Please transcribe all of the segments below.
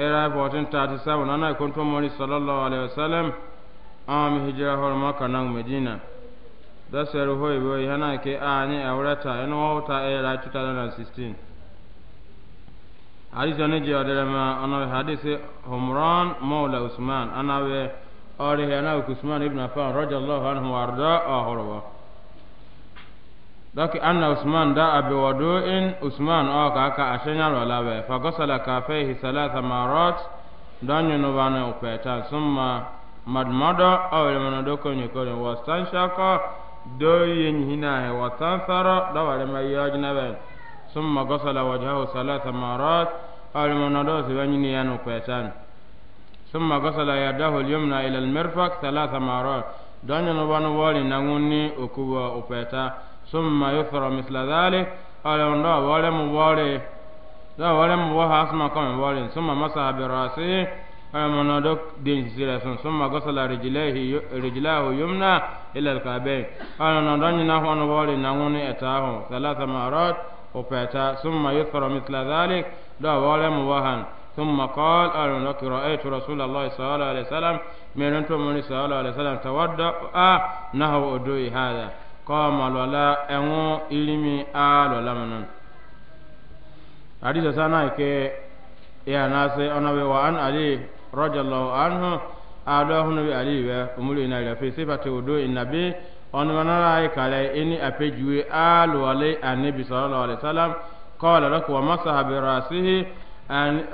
era 1437 ana kun to mori sallallahu alaihi wasallam am hijra hor maka nan medina da saru hoy bo yana ke ani awrata en wota era 2016 hadisi ne je odere ma ana hadisi humran maula usman ana we ore yana usman ibn affan radiyallahu anhu warda ahorwa dɔki anna usman da abi wadu'in usman o ka ka ashenya ro labe fa gosala ka fehi salasa marot don yi nubana upeta summa madmado o wele mana doko ni kore wasan shako do yin hina he wasan saro da wale mai yaji na be summa gosala wajahu salasa marot o wele mana do si wani ni yan upeta summa gosala yadahu al-yumna ila al-mirfaq marot don yi nubana wali na nguni ukubo upeta ثم يثر مثل ذلك قال ان ولا مبالي لا ولا مبالي أسمع كم مبالي ثم مسح برأسه منادوك دين سيرسون ثم غسل رجليه رجلاه يمنى إلى الكعبين قال ان نادني نحو نبالي نغوني أتاه ثلاث مرات وبيتا ثم يذكر مثل ذلك لا ولا مباهن ثم قال أنا لك رأيت رسول الله صلى الله عليه وسلم من أنتم من صلى الله عليه وسلم تودع نهو أدوي هذا kɔma lɔla ɛŋɔ ilimi a lɔla mɛ nɔn hadisa sana ke ya nase ona be wa an ali radiyallahu anhu ado hunu bi ali be umulu ina ila fi sifati wudu innabi ona manara ay kale ini apejuwe alu ali annabi sallallahu alaihi wasallam qala lakum wa masaha bi rasihi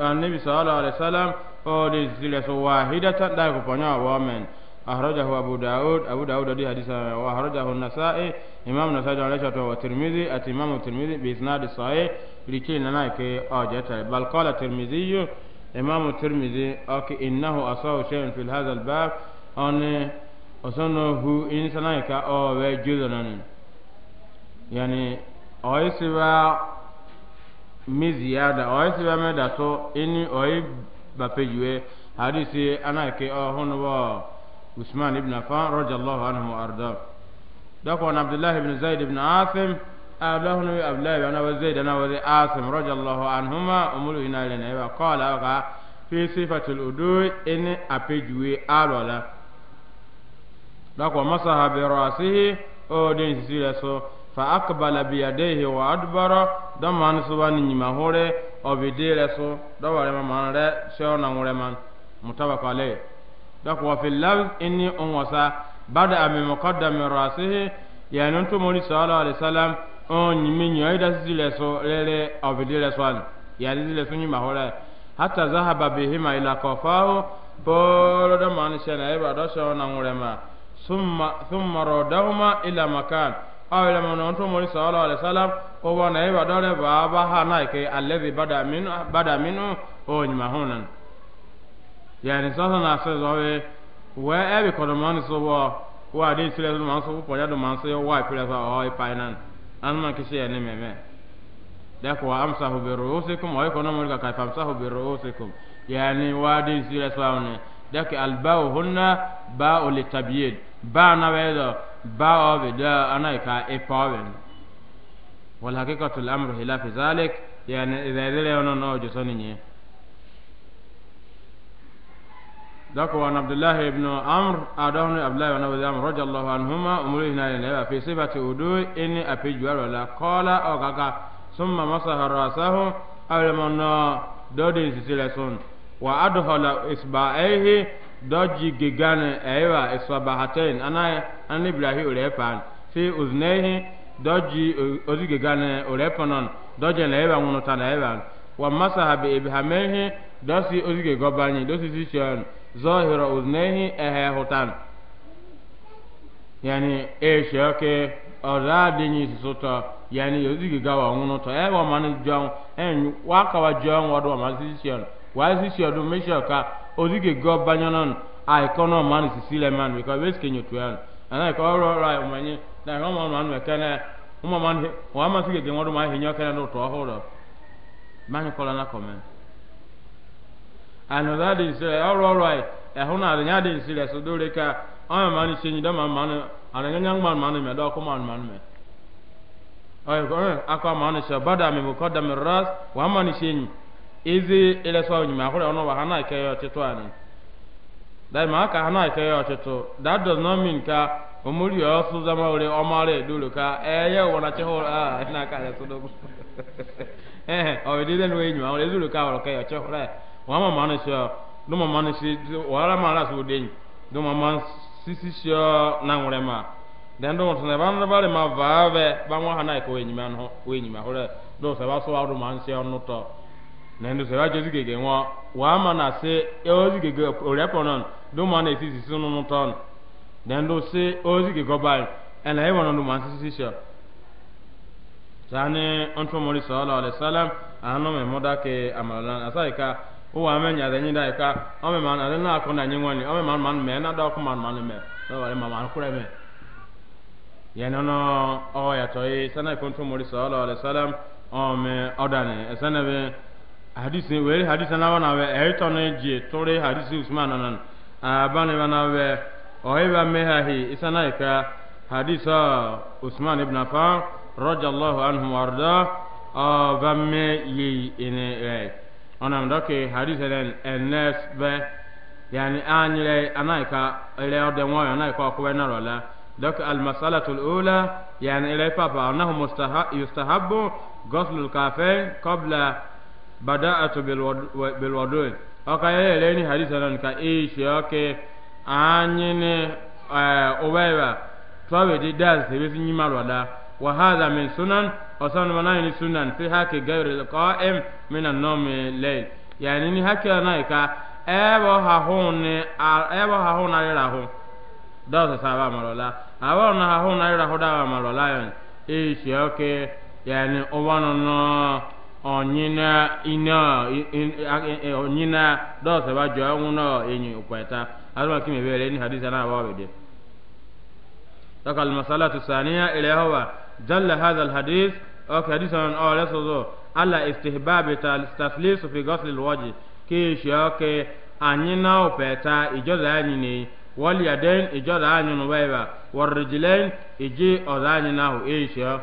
annabi sallallahu alaihi wasallam o de zile so wahidatan da ko ponya wa men أخرجه أبو داود أبو داود دي حديث وأخرجه النسائي إمام النسائي عليه الصلاة والترمذي الإمام الترمذي بإسناد صحيح لكي نناك أوجت بل قال الترمذي إمام الترمذي أوكي إنه أصاب شيء في هذا الباب أن أصنه إنسانك أو وجودنا يعني أيسوا مزيادة أيسوا مدتو إني أي بابيجوه حديث أنا كي أهون usman ibn affan radiyallahu anhu arda dako na abdullah ibn zaid ibn asim abdullah ibn abdullah ibn abi zaid na wali asim radiyallahu anhuma umul ina ile na qala wa fi sifatil udu in apejuwe alola dako masaha bi rasihi o den sisile so fa akbala bi yadayhi wa adbara da man subani nyima hore obidire so daware man re shona ngure man mutabaka alayhi dɔk wafi labs inni un wasa bada ami muqaddami rasihi yani tumuri sallallahu alaihi wasallam on nyimi nyoi da sisi leso lele obidi leswan yani sisi leso nyima hore hatta zahaba bihima ila kofahu polo da mani shena eba do shona ngurema summa summa rodahuma ila makan aw ila man on tumuri sallallahu alaihi wasallam o bona eba do le baba hanai ke alladhi bada min bada minu on nyima honan yɛrɛ sɔsɔ na sɛ zɔwe wɛ ɛbi kɔdɔmɔni sɔbɔ wa de sire sɔ man sɔbɔ pɔjɛ do man sɛ wa pire sɔ ɔ ipa inan an ma kisi yɛ ne mɛmɛ dɛko amsa ho bero o se kum ɔyɛ kɔnɔ mɔri ka kaifa amsa ho bero o se kum yɛrɛ wa de sire sɔ awon ne dɛko alibawo honna ba o le tabiye ba na bɛ zɔ ba o bi da ana yi ka ipa o bɛ wala hakikatul amru hilafi zalik yɛrɛ zɛzɛlɛ yɔrɔ n'o jɔsɔ ni nye. ذكر عن عبد الله بن عمرو أدهن عبد الله بن عبد الله رضي الله عنهما أمره هنا في صفة أدوي إني أبي جوال ولا قال أو كاكا ثم مسح رأسه أول من دودي سلسلسون وأدخل إصبعيه دوجي جيجان أيوة إصبعتين أنا أنا إبراهيم أوليبان في أذنيه دوجي أوزي جيجان أوليبانون دوجي لأيوة ونطان أيوة ومسح بإبهاميه دوسي أوزي جيجوباني دوسي سيشيون zohira uznehi ehe hutan yani eshi oke ọdọ adịghị sụtọ yani ozigi gawa ọnwụnụ tọ ebe ọmanụ jọn enyi wakawa jọn wọdụ ọmanụ sisiọn wàá sisi ọdụ mmehie ọka ozigi gọ banyanọn aikọnọ ọmanụ sisile man bikọ ebe esike nyotu ya ana ikọ ọrụ ọrụ anyị ọmanye na ihe ọmanụ manụ mekene ụmụ ọmanụ wàá masị gege nwadụ ma ahịa nye ọkene n'ụtọ na kọmentị and da din sire ọrụ oro e huna na nya din sire so dole ka o ma ni shenyi da ma ma no ana nya nya ma ma no me da ko ma ma ma bada mi ko da mi ras wa ma ni izi ile so ma ko ono wa hana ke yo tito ani ma ka hana ke yo tito that does not mean ka o e, a ya so do nyi ma ka ke wama mane sha duma mane shi wala mala su den duma man sisi sha na ngure ma den do tne ban da bale ma vave ban wa hana ko enyima no ho enyima ho do se ba so wa do man sha no to na ndo se ba je zige nwa wa ma na se e o zige ge ore po non do ma na sisi sunu no to den do se o zige go ba ela e wono do man sisi sha sani ntɔmɔri sɔɔla alayisalam anɔ mɛ mɔda ke amalolan asayi ka ụwa ame nya da nyida ka o me man ale na ko na nyi ngwani o me man man me na da ko man man me do wale ma man kure me ya no no o ya to yi sana ko to mori sallallahu alaihi wasallam o me odane e sana be hadisi we hadisi na wana we e to ne ji tore hadisi usman nan abane wana we o e ba me ha hi isana ka hadisa usman ibn affan radiyallahu anhu warda o ba me yi ine onam doke hadise den enes be yani anyire anaika ile ode moyo anaika okuwe narola doke almasalatu lula yani ile papa anahu yustahabu goslu lkafe kabla bada'atu bilwadud oka ile ile ni hadise den ka ishi oke anyine uh, eh, uweba twawedi dasi bisi nyimalwada wa hadha min sunan وصلنا مناين سنن في حق غير القائم من النوم الليل يعني ني حق نايكا ايبو هاهون ايبو هاهون ايراهو دوس سابا مرولا ايبو هاهون ايراهو دا مرولا يعني ايش اوكي يعني اوانو onyina onyina dɔɔsɛ ba jɔ ŋun nɔ enyi kpɛta alima kimi bɛ ni n'a saniya hɔ wa jalla hadha alhadith o ka hadith on o reso zo ala istihbab taslis fi ghusl alwajh ke sho ke anyi na opeta ijoda anyi ni wal yadain ijoda anyi no baiba war rijlain iji odanyi na ho e sho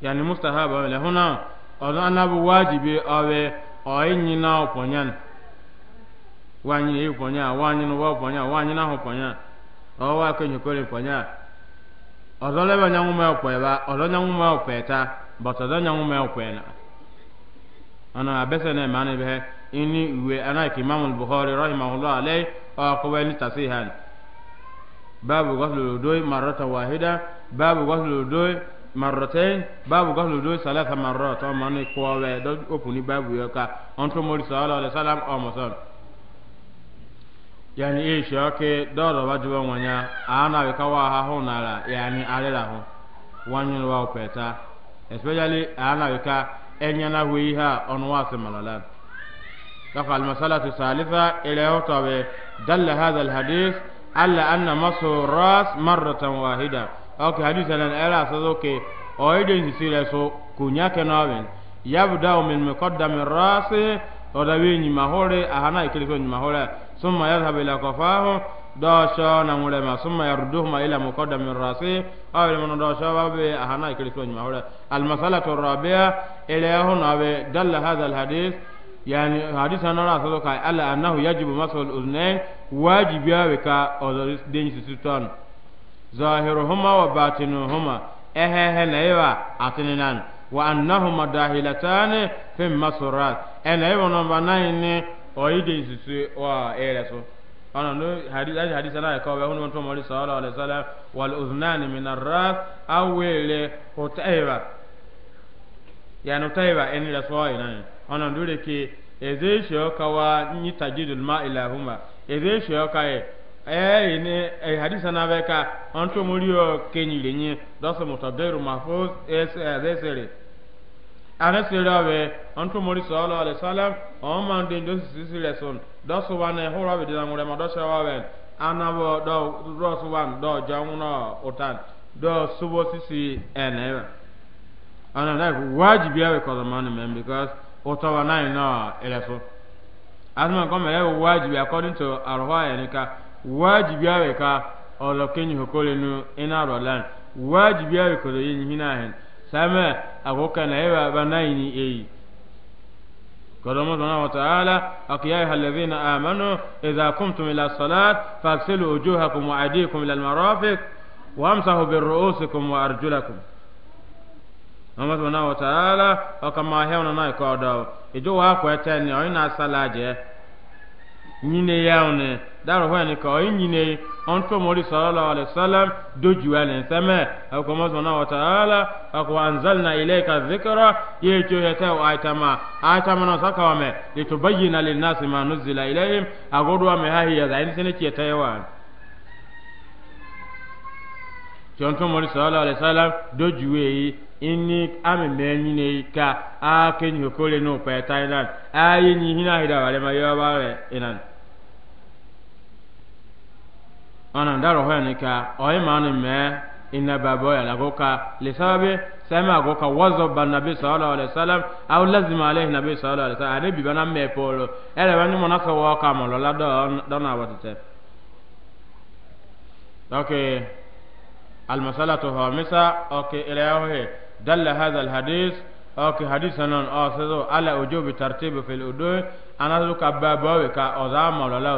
yani mustahaba la huna odana bu wajibi awe o anyi na oponyan wanyi e oponya wanyi no oponya wanyi na ho oponya o wa ke nyokole oponya ọzọ lebe nyanwụ mee okwe ba ọzọ nyanwụ mee okwe ta but ọzọ nyanwụ mee okwe na ana abese na ma ne ini uwe ana ki imam al-bukhari rahimahullah alay wa qawai ni tasihan babu ghusl al-wudu marrata wahida babu ghusl al-wudu marratayn babu ghusl al-wudu salasa marrat wa man do opuni babu yoka onto mori sallallahu alaihi wasallam o mosan yani e shoke doro wajuwa wanya ana we kawa ha ho nara yani alela ho wanyu wa opeta especially ana we ka enya na we ha onu wa semalala kafa al masalatu salifa ila hotawe dalla hadha al hadith alla anna masu ras marratan wahida okay hadith an ala sazoke o ide ni sire so kunya kenawen yabda min muqaddam ar-ras o da we ni mahore ahana ikile ko ni ثم يذهب إلى قفاه داشا نمولما ثم يردهما إلى مقدم الرأسي أو من داشا وابي أهنا يكريسون مهولا المسألة الرابعة إليهن أبي دل هذا الحديث يعني حديث أنا لا أصدق ألا أنه يجب مسح الأذنين واجب يابك أو دين سيطان ظاهرهما وباطنهما إهه نيوا إيه أتنينان وأنهما داهلتان في مسورات المسرات إليهن إيه بنين ọ̀yídè ìsìsì wà ẹ̀rẹ̀ so ọ̀nà ní láti hadisa náà ẹ̀kọ́ ọ̀bẹ̀hún wọn tó mọ̀rí sọ́ọ́lá ọ̀lẹ́sọ́lá wàl ọ̀zùnáàni mìíràn rà áwẹ̀lẹ̀ ọ̀tẹ̀ẹ̀bà yẹn ọ̀tẹ̀ẹ̀bà ẹni rẹ̀ sọ́ọ́ ìnáà ọ̀nà lórí ke ẹ̀zẹ̀ ìṣẹ́ọ́ka wa ní oh, tajidul má ìlàhùmà ẹ̀zẹ̀ ìṣẹ́ọ́ka yẹ ẹ̀yìn hadisa náà bẹ́ẹ̀ ká ọ̀n tó o ọ̀ kẹ́nyìlẹ̀ yẹn dọ́sọ̀ mọ̀tọ̀ bẹ́ẹ̀rù mahfuz ẹ̀ẹ́sẹ̀ ana sira we antu mori sallallahu alaihi wasallam o man de do sisi leson do so wan e horo be dinan ngure ma do shawa we ana bo do do so wan do jawuna otan do subo sisi ene ana na wajibi awe ko man men because oto wa nine na eleso asma ko me e wajibi according to arwa enika wajibi awe ka olo kenyu hokole nu ina roland wajibi awe ko yin hinahen sɛmɛ ako kana ewa ba naini eyi kodomo subhanahu wa ta'ala akiya ayyuhalladhina amanu idha qumtum ila salat faghsilu wujuhakum wa aydiyakum ila almarafiq wamsahu birru'usikum wa arjulakum ama subhanahu wa ta'ala akama hewna na ikodo ijo wa ko eteni oyina salaje nyine yawne daro hwani ko nyine onto mori sallallahu alaihi wasallam doju ale sama ako mo sona wa taala ako anzalna ilayka dhikra ye cho yata wa aitama aitama no saka wa me litubayyana lin nasi ma nuzila ilayhim agodo wa me hahiya da in sene ke taiwan onto mori sallallahu alaihi wasallam doju we inni ami menyi ne ka a kenyi hokole no pa tainan ayi ni hina hida wale ma yoba re inan ana daro ho ne ka oyi ma ne me inna babo ya lago ka li sababi sama go ka wazo ban nabi sallallahu alaihi wasallam aw lazima alaihi nabi sallallahu alaihi wasallam ani bibana me polo ele wani mona ka wa ka mo la do do na watete okay المسألة خامسة أوكي إلى دل هذا الحديث أوكي حديثنا أو على وجوب ترتيب في الأدوية أنا ذوك بابوي كأزام ولا لا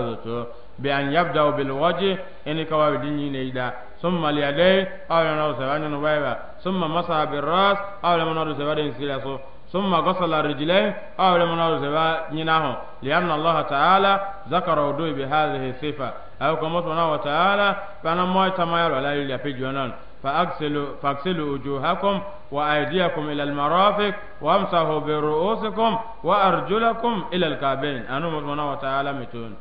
بأن يبدأ بالوجه إن كواب ديني نيدا ثم اليدين أو ينو سبعين نبايبا ثم مسح بالرأس أو لمن سبعين سيلاسو ثم غسل الرجلين أو لمن سبعين لأن الله تعالى ذكر ودوي بهذه الصفة أو كما سبحانه وتعالى فأنا مويت ما يرى لا في جنان فأغسلوا فاغسلوا وجوهكم وأيديكم إلى المرافق وامسحوا برؤوسكم وأرجلكم إلى الكعبين أنو سبحانه وتعالى متون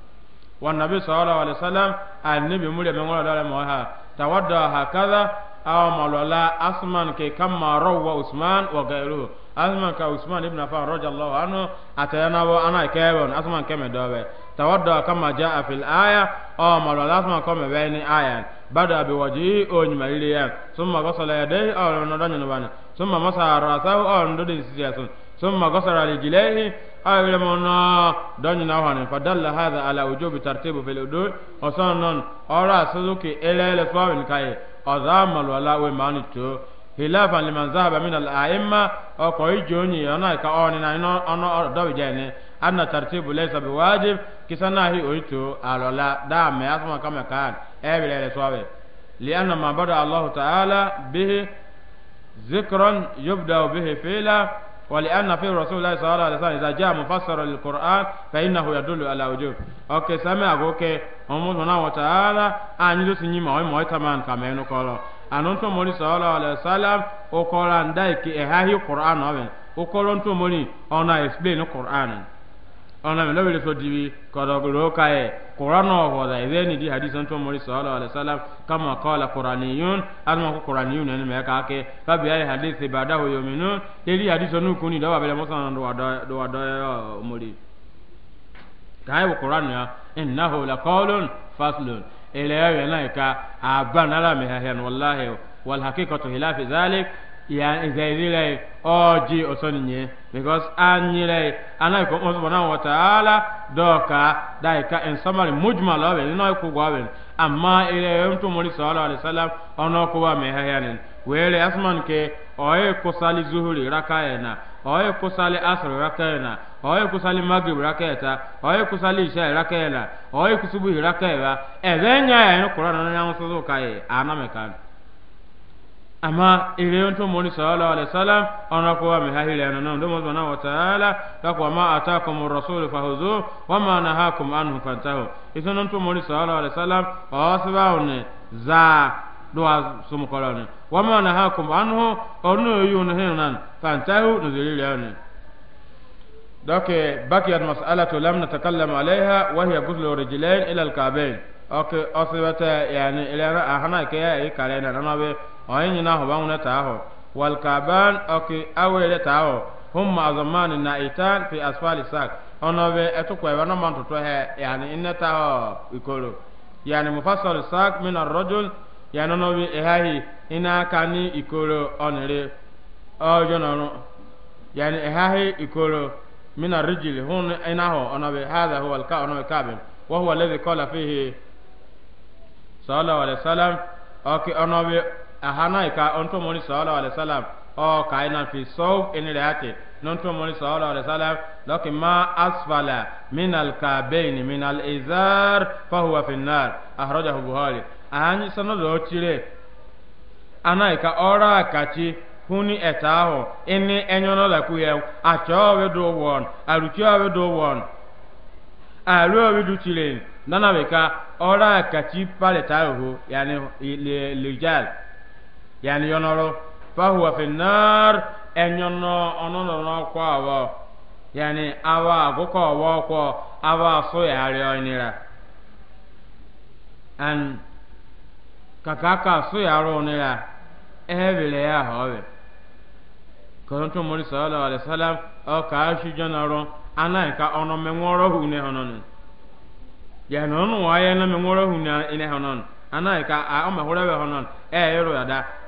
والنبي صلى الله عليه وسلم النبي مولى من ولا دار موها تودع هكذا أو مولا أسمان كي كما روى عثمان وغيره أسمان كعثمان ابن عفان رضي الله عنه أتينا وأنا كيبون أسمان كم دوبة تودع كما جاء في الآية أو مولا أسمان كم بين آية بدأ بوجهه أن مليا ثم غسل يديه أو ندن ثم مسح رأسه أو ندن ثم غسل رجليه awele mona donyi na wani fadalla hadha ala wujubi tartibu fil udu osanon ora suzuki elele fawin kai azamal wala we mani to hilafan liman zahaba min al a'imma o ko ijoni ona ka oni na no ono do jene anna tartibu laysa biwajib kisana hi oito alola da me asma kama kan ebele sawe lianna ma bada allah ta'ala bihi ذكرا يبدأ به فعلا ولأن في رسول الله صلى الله عليه وسلم إذا جاء مفسر للقرآن فإنه يدل على وجوب أوكي سامي أقوكي أمو سبحانه وتعالى أن يدو سنين موي موي تمان كمينو كولو أنو تمولي صلى الله عليه وسلم أقول أن دايكي إهاهي قرآن أوين أقول أن تمولي أنا إسبين قرآن ona mi lobele so diwi kodogoro kae qur'ano ho da izeni di hadisan to muri sallallahu alaihi wasallam kama qala qur'aniyun azma ko qur'aniyun ne me ka ke fa bi ay hadisi badahu yuminun eri hadisanu kuni da wabele musan do wada do wada uh, muri kai wo qur'an ya innahu laqawlun faslun ila ya na ka abana la me ha wallahi wal haqiqatu hilafi zalik ya zaidi lai oji osoninye because anyi lai anai ko mo subhanahu wa ta'ala doka dai ka in summary mujmal awe ni noi ku amma ile mtu muri sallallahu alaihi wasallam ono oh, ko wa wele asman ke oye oh, kusali zuhuri rakaena oye kusali oye kusali oye kusali isha oye kusubuhi evenya ya na nyangu suzuka amma ireyon to moni sallallahu alaihi wasallam ona ko mi hahire ana non domo zona wa taala ka ko ma atakum rasul fahuzu wa ma nahakum anhu fantahu isonon to moni sallallahu alaihi wasallam asba on za do sum kolone wa ma nahakum anhu ono yun henan fantahu no zirire ana doke bakiyat mas'alatu lam natakallamu alaiha wa hiya ghuslu rijlain ila al-ka'bayn okay asbata yani ila ahana kaya e kalena nanabe oyin nyina ho banguna ta ho wal kaban oki awere ta ho hum azaman na itan fi asfali sak ono be etu ko e no man to he yani inna ta ho ikoro yani mufassal sak min ar-rajul yani ono be ehahi ina kani ikoro onire ojo no yani ehahi ikoro min ar-rijil hun ina ho ono be hadha huwa al-ka ono be kabin wa huwa alladhi fihi sallallahu alaihi wasallam oki ono be ahana ka onto moni sallallahu alaihi wasallam o kaina fi sawf in riati nonto moni sallallahu alaihi wasallam lakin ma asfala min al kabain min al izar fa huwa fi nar ahrajahu buhari anyi sanodo chire ana ka ora akachi huni eta ahụ ịnị enyono won won chire nana ora akachi yani lijal yani yonoro fahuwa fi enyono onono awo yani awa agụkọ ọwa ọkwọ awa onira and kaka aka ya ha ọrịa kọrọntụ ọ ka jọnọrọ anaghị ka ọnụ menwụrọ hụ ne ha nọnụ ya na ọnụ ya na hụ ne ha nọnụ anaghị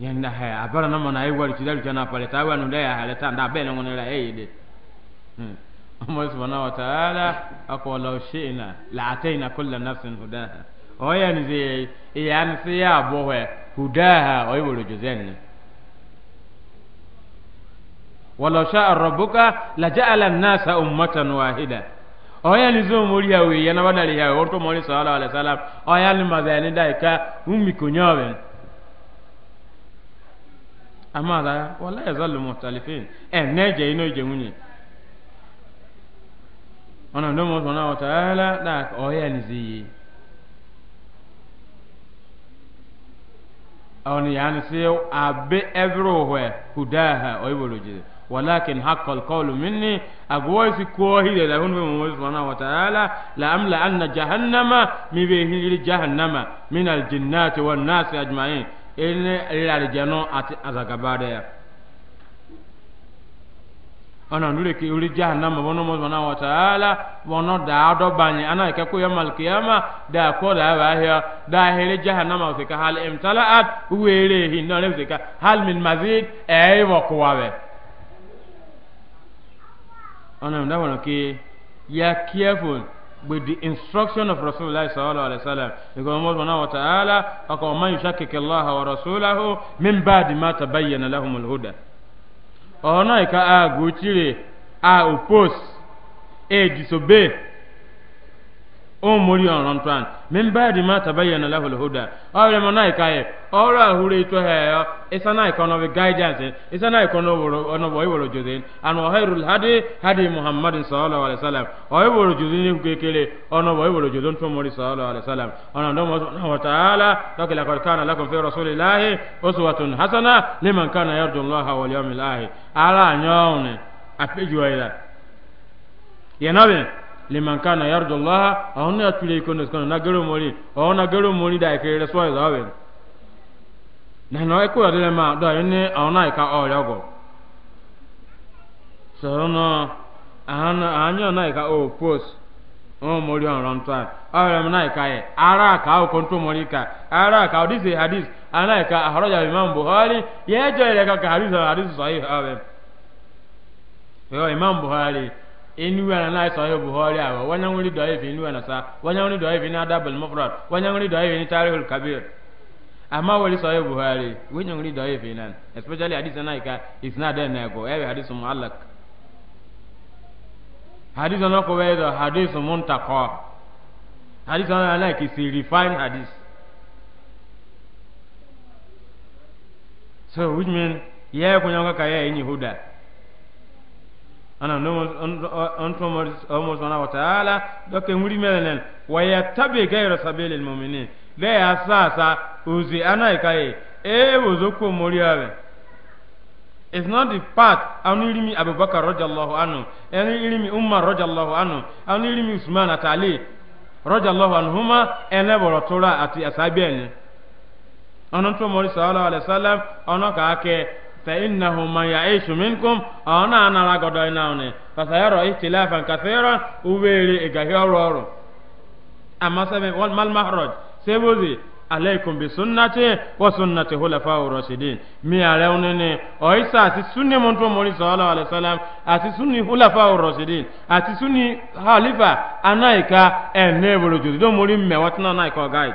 yanda ha abara na mana ai wari tidaru jana pale ta wanu da ya halata da be na ngona ai de amma subhanahu wa ta'ala akwa law shi'na la ataina kull nafsin hudaha o ya ni ze ya ni se ya bo he hudaha o yi woro jozen walau sha'a rabbuka la ja'ala an-nasa ummatan wahida o ya ni zo mori ya we yana na bana ri ya orto mori sallallahu alaihi wasallam o ya ni mazani dai ka ummi kunyawen ama la wala yazalu mukhtalifin e neje ino je munye ona ndo mo sona wa taala da oya nizi awon yani se abe everywhere hudaha oiboloje walakin haqqa alqawlu minni agwaisi ko hile da hunwe mo subhanahu wa ta'ala la amla anna jahannama mi be hili jahannama min aljinnati wan nasi ajma'in ene rirari jeno ati azagabade ya ana nure ke uri jahannama bono mo subhanahu wa ta'ala bono da do banye ana ke ko yamal qiyama da ko da wa hiya da hele jahannama se ka hal imtala'at were hi no le se ka hal min mazid ay wa qawabe ana nda wono ke ya careful with the instruction of Rasulullah sallallahu alaihi wasallam because Allah subhanahu wa ta'ala aka man yushakkik Allah wa rasulahu min ba'di ma tabayyana lahum al-huda ona ka a go chire a oppose a disobey o mori on ran min ba'di ma tabayyana lahu al-huda awre mo nai kai awra hure to he isa nai kono be guidance isa nai kono woro ono boy woro jodin an wa khairul hadi hadi muhammadin sallallahu alaihi wasallam oy woro jodin ku kekele ono boy woro jodin to mori sallallahu alaihi wasallam ono ndo mo wa ta'ala to la qad kana lakum fi rasulillahi uswatun hasana liman kana yarju allaha wal yawmil akhir ala nyawne apejuwa ila yanabe liman kana yarju Allah ya tule ko nes kana nagaro mori o mori da ke re so ya na no ko ya ma do ni na ka o ya so no ahun na ka o post o mori on ran ta na ka e ara ka o kontu mori ka ara ka o dise ana ka ahraja imam buhari ye jo ile ka sahih awen yo imam Inuwa na na isa yo buhari awa wanya nguri do evi inu ana sa wanya nguri do evi na dabul mufrad wanya nguri do evi ni tarihul kabir amma wali sa yo buhari wanya nguri do evi nan especially hadith na ika is na go evi hadith muallaq hadith na ko wedo hadith muntaqa hadith na na ki si refine hadith so which mean yeye kunyonga kaya yenyi huda ana ntomori omosana wa taala doke ŋuri melenen wa yattabi gayra sabili lmuminin de ya uzi anai kaye e wozo ko mori awe is not the part anu ilimi abubakar radiyallahu anhu anu ilimi umar radiyallahu anhu anu ilimi usman atali ali radiyallahu anhuma ene ati asabi ene sallallahu alaihi wasallam ka ake فإنه من يعيش منكم أنا أنا لا قديناوني فسيرى اختلافا كثيرا وبيلي إجاهيرور أما سبب ما المخرج سيبوزي عليكم بسنتي وسنة خلفاء الراشدين مي علونني أيسا أتي سنة منتو مولي صلى الله عليه وسلم أتي سنة خلفاء الراشدين أتي سنة خليفة أنايكا أنيبولو جدو مولي مواتنا نايكا غايد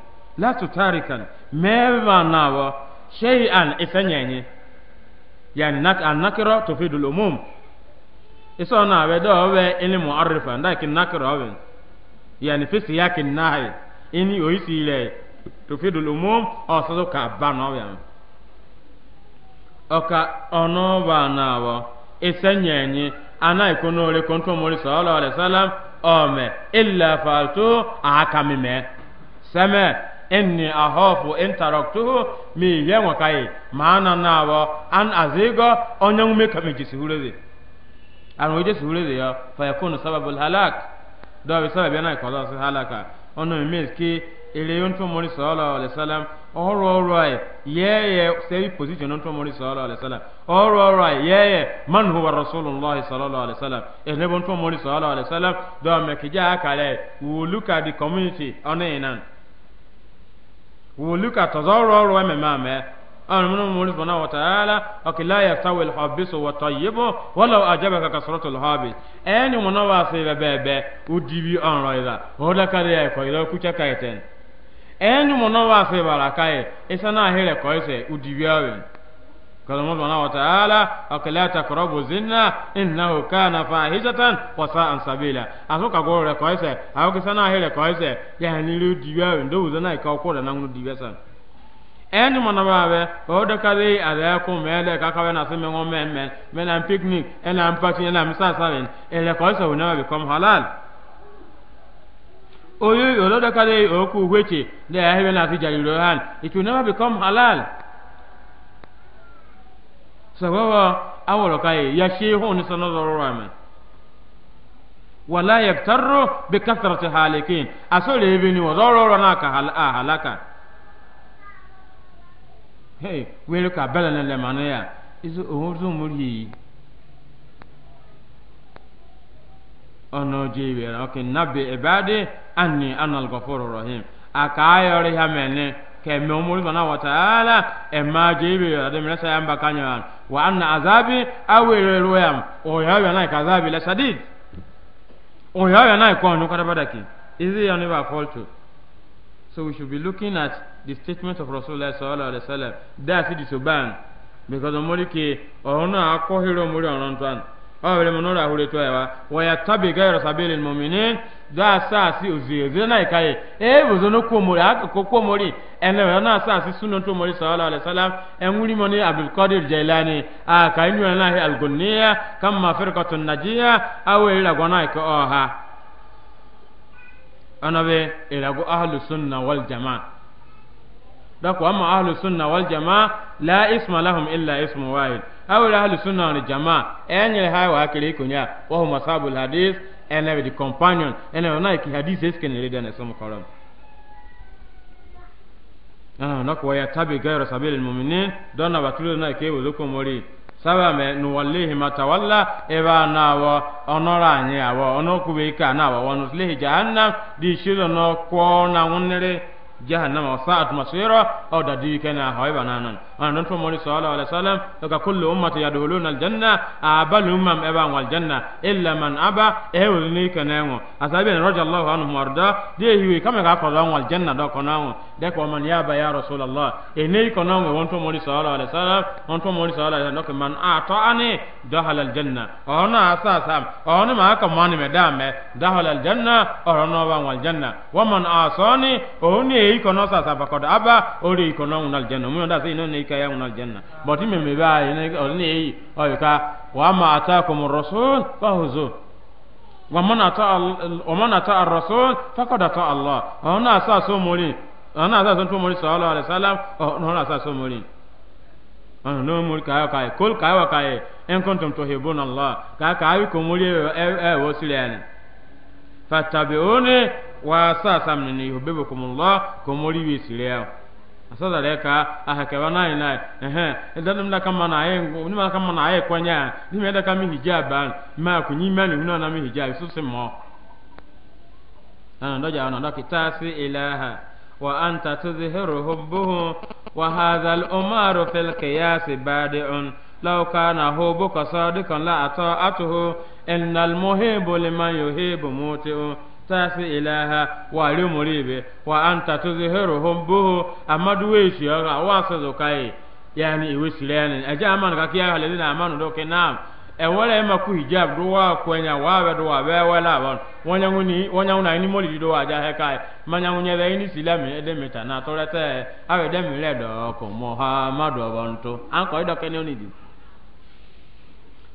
la tutarikan meva nawa shay'an isanyenye yani nak an nakira tufidu al umum iso na we do we ini muarrifa ndaki nakira we yani fi siyakin nahi ini oisi ile tufidu al umum asazo ka bana we oka onova nawa isanyenye ana sallallahu alaihi wasallam ome illa faltu akamime inni ahofu in taraktuhu mi yenwa kai maana nawo an azigo onye ngume kame jisi huleze anu ije si huleze yo fa yakunu sababul halak do bi sababu yana ko do halaka ono mi meski ele yon to mori sallallahu alaihi wasallam oro oro ay ye ye sei position on to mori sallallahu alaihi wasallam oro oro ay ye ye man huwa rasulullah sallallahu alaihi wasallam ene bon to mori sallallahu alaihi wasallam do me kija kale wuluka di community onenan wuluka tɔzɔrɔ rɔ mɛ maa mɛ ɔn minnu mɔli fana wa taala ɔkè la yɛ tawil hɔbiso wa tɔyibo wala a jɛbɛ ka ka sɔrɔ tol hɔbi ɛɛ ni mɔnɔ b'a se bɛ bɛɛ bɛɛ o dibi ɔn rɔ yi la o da ka di yɛ kɔ yi la kucɛ ka yi tɛn ɛɛ ni mɔnɔ b'a se b'a la ka yi isa n'a hɛrɛ kɔ yi sɛ o dibi awɛ lọ́dọ̀ mọ́ sọ̀nà wọ̀tá ààlà ọ̀kẹ́lẹ́ àtàkọ̀rọ̀ bò zina iná òkà nàfà àhíjátán pọ̀sá ànsàbílà àsọ̀kàgọ́ rẹ̀ kọ́ ẹsẹ̀ àwòkísá náà rẹ̀ kọ́ ẹsẹ̀ yẹn nílò dìbẹ́ ndóhùzẹ́ náà ìka ọkọ̀ rẹ̀ náà dìbẹ́ sàn. ẹni mọ̀nà bá bẹ ọ̀dọ̀ kàdé àdẹ́kùn mẹ́lẹ̀ kákàwé náà sí mẹ́wọ́n mẹ́mẹ́ mẹ́nà picnic ẹ̀nà pàtì ẹ̀nà mísàsàbẹ̀ ẹ̀rẹ̀ kọ́ ẹsẹ̀ ònà become halal. oyún ọ̀dọ̀ kàdé òkú wéche lẹ́yìn ahẹ́bẹ̀ náà ti jàdìrò hàn it will never become halal. sabawa awolo kai ya shehu ni sana zorora me wala yaktaru bi kasrati halikin asole ebi ni wazorora na ka hal ah, halaka hey wele ka bela na le manu ya izu ohurzu muri ono jebe okay nabi ibadi anni ana al-ghafurur rahim akayori ha mene kemme umuri bana wa ta'ala emma jebe ademira sayamba kanyana wa anna azabi awere royam oyawe na kazabi la sadid oyawe na ko no kada badaki is it never fault to so we should be looking at the statement of rasulullah sallallahu alaihi wasallam that it is ban because omolike ona akohiro muri onon tan awere monora hure to ewa wa yatabi gairo sabilil mu'minin dɔw asaasi ozie ozie na ika ye ee bozo no komori akoko komori ɛnɛ wɔn na asaasi sunu to mori sɔɔla ɔlɛ sɛlɛm ɛnwuli e, mɔ ni abdulkadir jailani aa ka inu yɛn na he algoniya ka ma fere ka tun najiya awo erila gɔna ike ɔha ahlu sunna wal jama dɔkɔ ama ahlu sunna wal jama la isma lahum illa ismu wahid awo ahlu sunna wal jama ɛnyɛ e, ha wa kiri kunya wɔhu masabu hadis ene with the companion ene ona ki hadith eske ne lede ne somo koran ana na ko ya tabi gairo sabil mu'minin donna watulo na ke wo ko mori saba me nuwallihi matawalla eba na wa onora anyi awo onoku be ka na wa wanuslihi jahannam di shiro no ko na wonere jahannam wa sa'at masira o da di kana hawai bananan ana non to mori sallallahu alaihi wasallam daga kullu ummati yadkhuluna aljanna abalu mam eba wal janna illa man aba ehul ni kanengo asabe radiyallahu anhu warda de hiwi kama ga ko wal janna do konango de ko man yaba ya rasulullah ene konango won to sallallahu alaihi wasallam on to sallallahu alaihi wasallam man ata ani dakhala aljanna ona asasa ona ma ka mani me dame dakhala aljanna ona wa wal janna wa man asani oni e kono sasa bakoda aba ori kono wal janna mu nda sai ne ka yawon aljanna ba ti meme ba yi ne yi ka wa ma atakum rasul fa huzu wa wa man ata ar-rasul faqad ata Allah na sa so mori ona sa so mori sallallahu alaihi wasallam sa so mori ana ka ka kol ka wa ka en kuntum ka ka ko mori e, e, e wo sirani fatabi'uni wa sa asada le ka aha ke wana ehe na ayi mun ma kama na ayi kwanya ni me da kama hijaba ma ku ni ma ni huna na mi hijabi su se mo ana ndoja ana ilaha wa anta tuzhiru hubbuhu wa hadha al fil qiyas badi'un law kana hubbuka sadiqan la innal liman sasi ilaha wa rimuribe wa anta ebe buhu amadu weshi ga wa sazo kai yani iwe ọha aja amana ka kiya halina amanu doke nam e wala ema ku hijab do wa kwenya wa be do wa be wala bon wonya wonya una ni moli do aja he kai manya ngunya be ni silami ede meta na torete awe de mi le do ko muhammadu an ko do di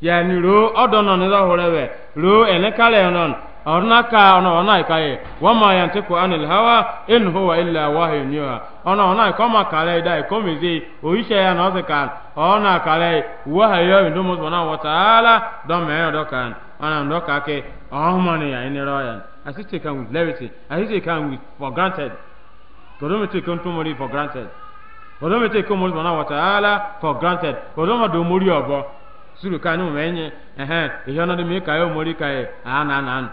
yani ro odono ni da horewe ro ene kale non orna ka ono ona ikaye wama yantiku anil hawa in huwa illa wahyu yuha ono ona ikoma kale da ikomizi ya noze kan ona kale wahyu ndo musbana wa taala do me do kan ona ndo ka ke ya ni royan as it take with levity as it take with for granted godomi take on for granted wa taala for granted do mori suru ka nu menye ehe ihe no de mi ka yo mori ka ana ana ana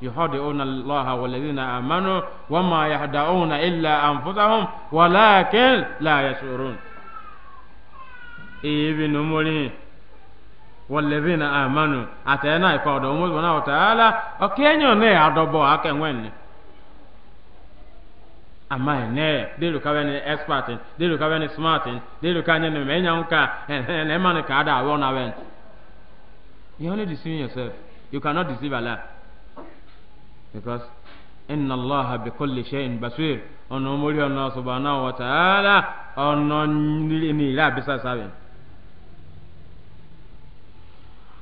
yuhadiuna allaha walladhina amanu wama yahdauna illa anfusahum walakin la yashurun ibi no mori walladhina amanu atena ikodo umu subhanahu wa ta'ala okenyo ne adobo akenwen ama ne de lu kawe ni expert de lu kawe ni smart de lu kawe ni me nya nka na ma ni ka da awo na wen you only deceive yourself you cannot deceive Allah because inna Allah bi kulli shay'in basir ono mori ono subhanahu wa ta'ala ono ni la bisa saben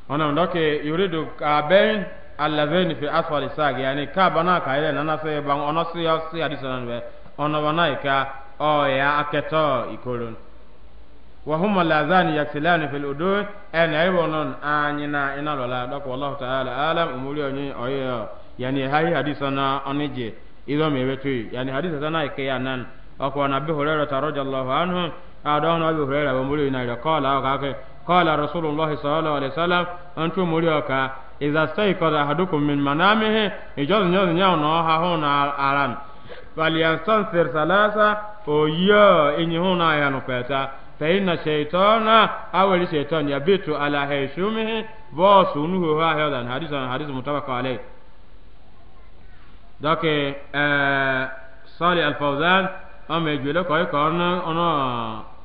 ono ndoke yuridu ka ben alabeni fi asfali saagi yani ka bana ka ile nana se ban ono si ya si hadisa nan be ono bana ika o ya aketo ikolon wa huma lazani yaksilani fil udu en aywonon anyina ina lola dok wallahu ta'ala alam umuri onyi oyo yani hayi hadisa na onije ido mewetu yani hadisa sana ike ya nan akwa na bi hurera ta radiyallahu anhu adon abi hurera umuri ina ila qala ka qala rasulullah sallallahu alaihi wasallam antu muri ka iza staikada ahadukum min manamihi ijozi nyozi nyaw no ha huna aran falyastansir salasa o yo inyi huna yanu kweta fa inna shaytana awali shaytan yabitu ala hayshumihi bo sunuhu ha hadan hadithan hadith mutabaqa alayh dake eh sali al-fawzan ame jule ko ko ono ono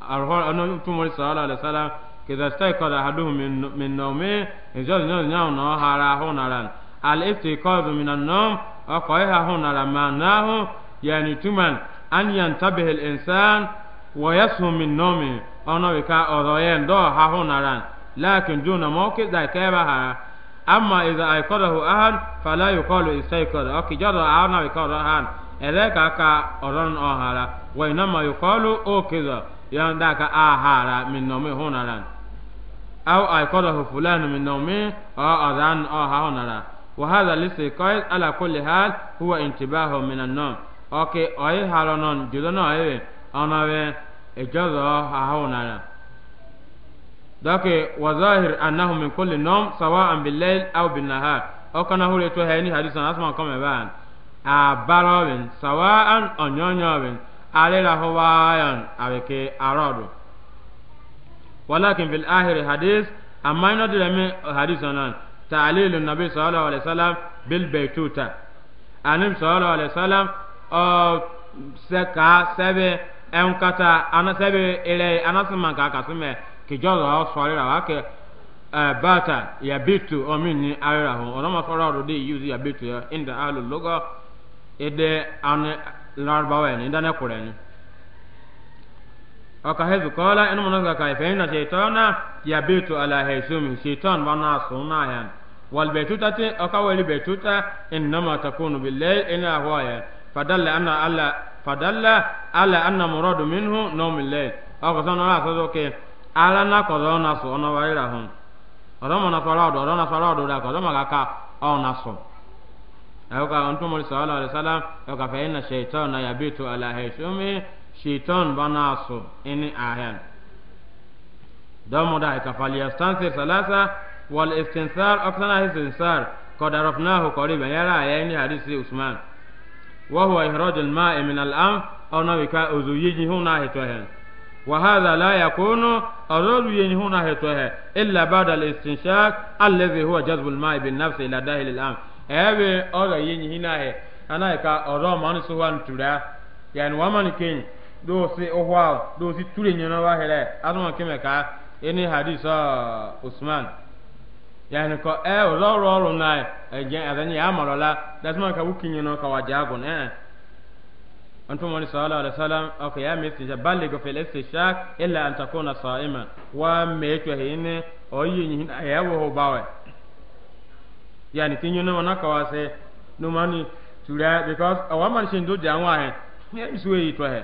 arhon ono tumori sallallahu alaihi إذا استيقظ أحدهم من, من نومه إنزل نزل نعم نهارا هنا الاستيقاظ من النوم أقويها هنا معناه يعني تمن أن ينتبه الإنسان ويسهم من نومه أنا بكا أضوين دو هنا لكن دون موقف ذا كيبها أما إذا أيقظه أحد فلا يقال استيقظ أوكي جرى أنا بكا أحد إليك أكا أرون أهارا وإنما يقال أوكذا يعني ذاك أهارا من نومه هنا أو أيقظه فلان من نومه أو أذان أو هاهنرا وهذا الاستيقاظ على كل حال هو انتباه من النوم أوكي أي هالونون جدنا أيه أنا به إجازة هاهنرا دوكي وظاهر أنه من كل نوم سواء بالليل أو بالنهار أو كان هو يتوهيني حديثا أسمع كم بان أبارابن سواء أنيونيوبن على هوايان أبكي أرادو walakin fil ahiri hadis amma ina dira min hadis onan ta'lilun nabi sallallahu alaihi wasallam bil baituta anim sallallahu alaihi wasallam o seka sebe enkata ana sebe ile ana siman ka ka sime ki jodo o sori ra wa ke e, bata ya bitu o min ni ayra ho ona ma sora ro de use ya bitu ya inda alu logo ede an larbawe ni dane kureni aka hezu kola ina mun ga kai fa inna shaytana yabitu ala haysumi shaytan wana sunna yan wal baituta te aka wali baituta innama takunu bil layl ina huwa fadalla anna alla fadalla ala anna muradu minhu nawmul layl aka sana ala so ke ala na ko do na so ona wari ra hun oro mo na fara do oro fara do da ko do ma ka ona so aka antum sallallahu alaihi wasallam aka fa inna shaytana yabitu ala haysumi shaitan bana so ini ahen don da ka faliyastansi salasa wal istinsar oksana istinsar qadarafnahu qariban yara ayani hadisi usman wa huwa ihraj al ma'i min al am aw nawika uzuyiji huna hitohen wa hadha la yakunu aradu yanhuna hitohe illa ba'da al istinshaq alladhi huwa jazb al ma'i bin nafsi ila dahil al am ebe ora yinhina he anaika oro man suwan tura yani waman kin dosi uhwa dosi ture nyina wa hele adon kime ka ini hadis ah, usman yani ko e eh, ro ro ro na e je adan ya amalola dasma ka wuki nyina ka wajagun eh antum wani sallallahu alaihi wasallam ya mesti jabali go fil istishak illa an takuna sa'ima wa mecho hine oyi nyi ya wo bawe yani tinyina wana ka wase numani tura because awaman shindo janwa he ya isuwe itwa he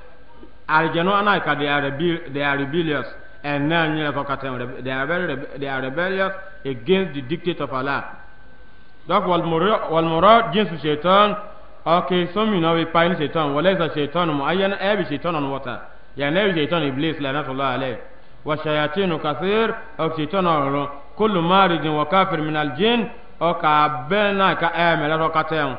arijanu ana ka they are rebel they are rebellious and now nyere ko they are very they are rebellious against the dictate of Allah donc wal Murad, wal Murad, jinsu shaitan okay so you know we pine shaitan wala za shaitan mu ayyana abi shaitan on wata ya na shaitan iblis la na sallallahu alaihi wa shayatin kathir aw shaitan ro kullu marid wa kafir min al jin o ka bena ka amela ko katem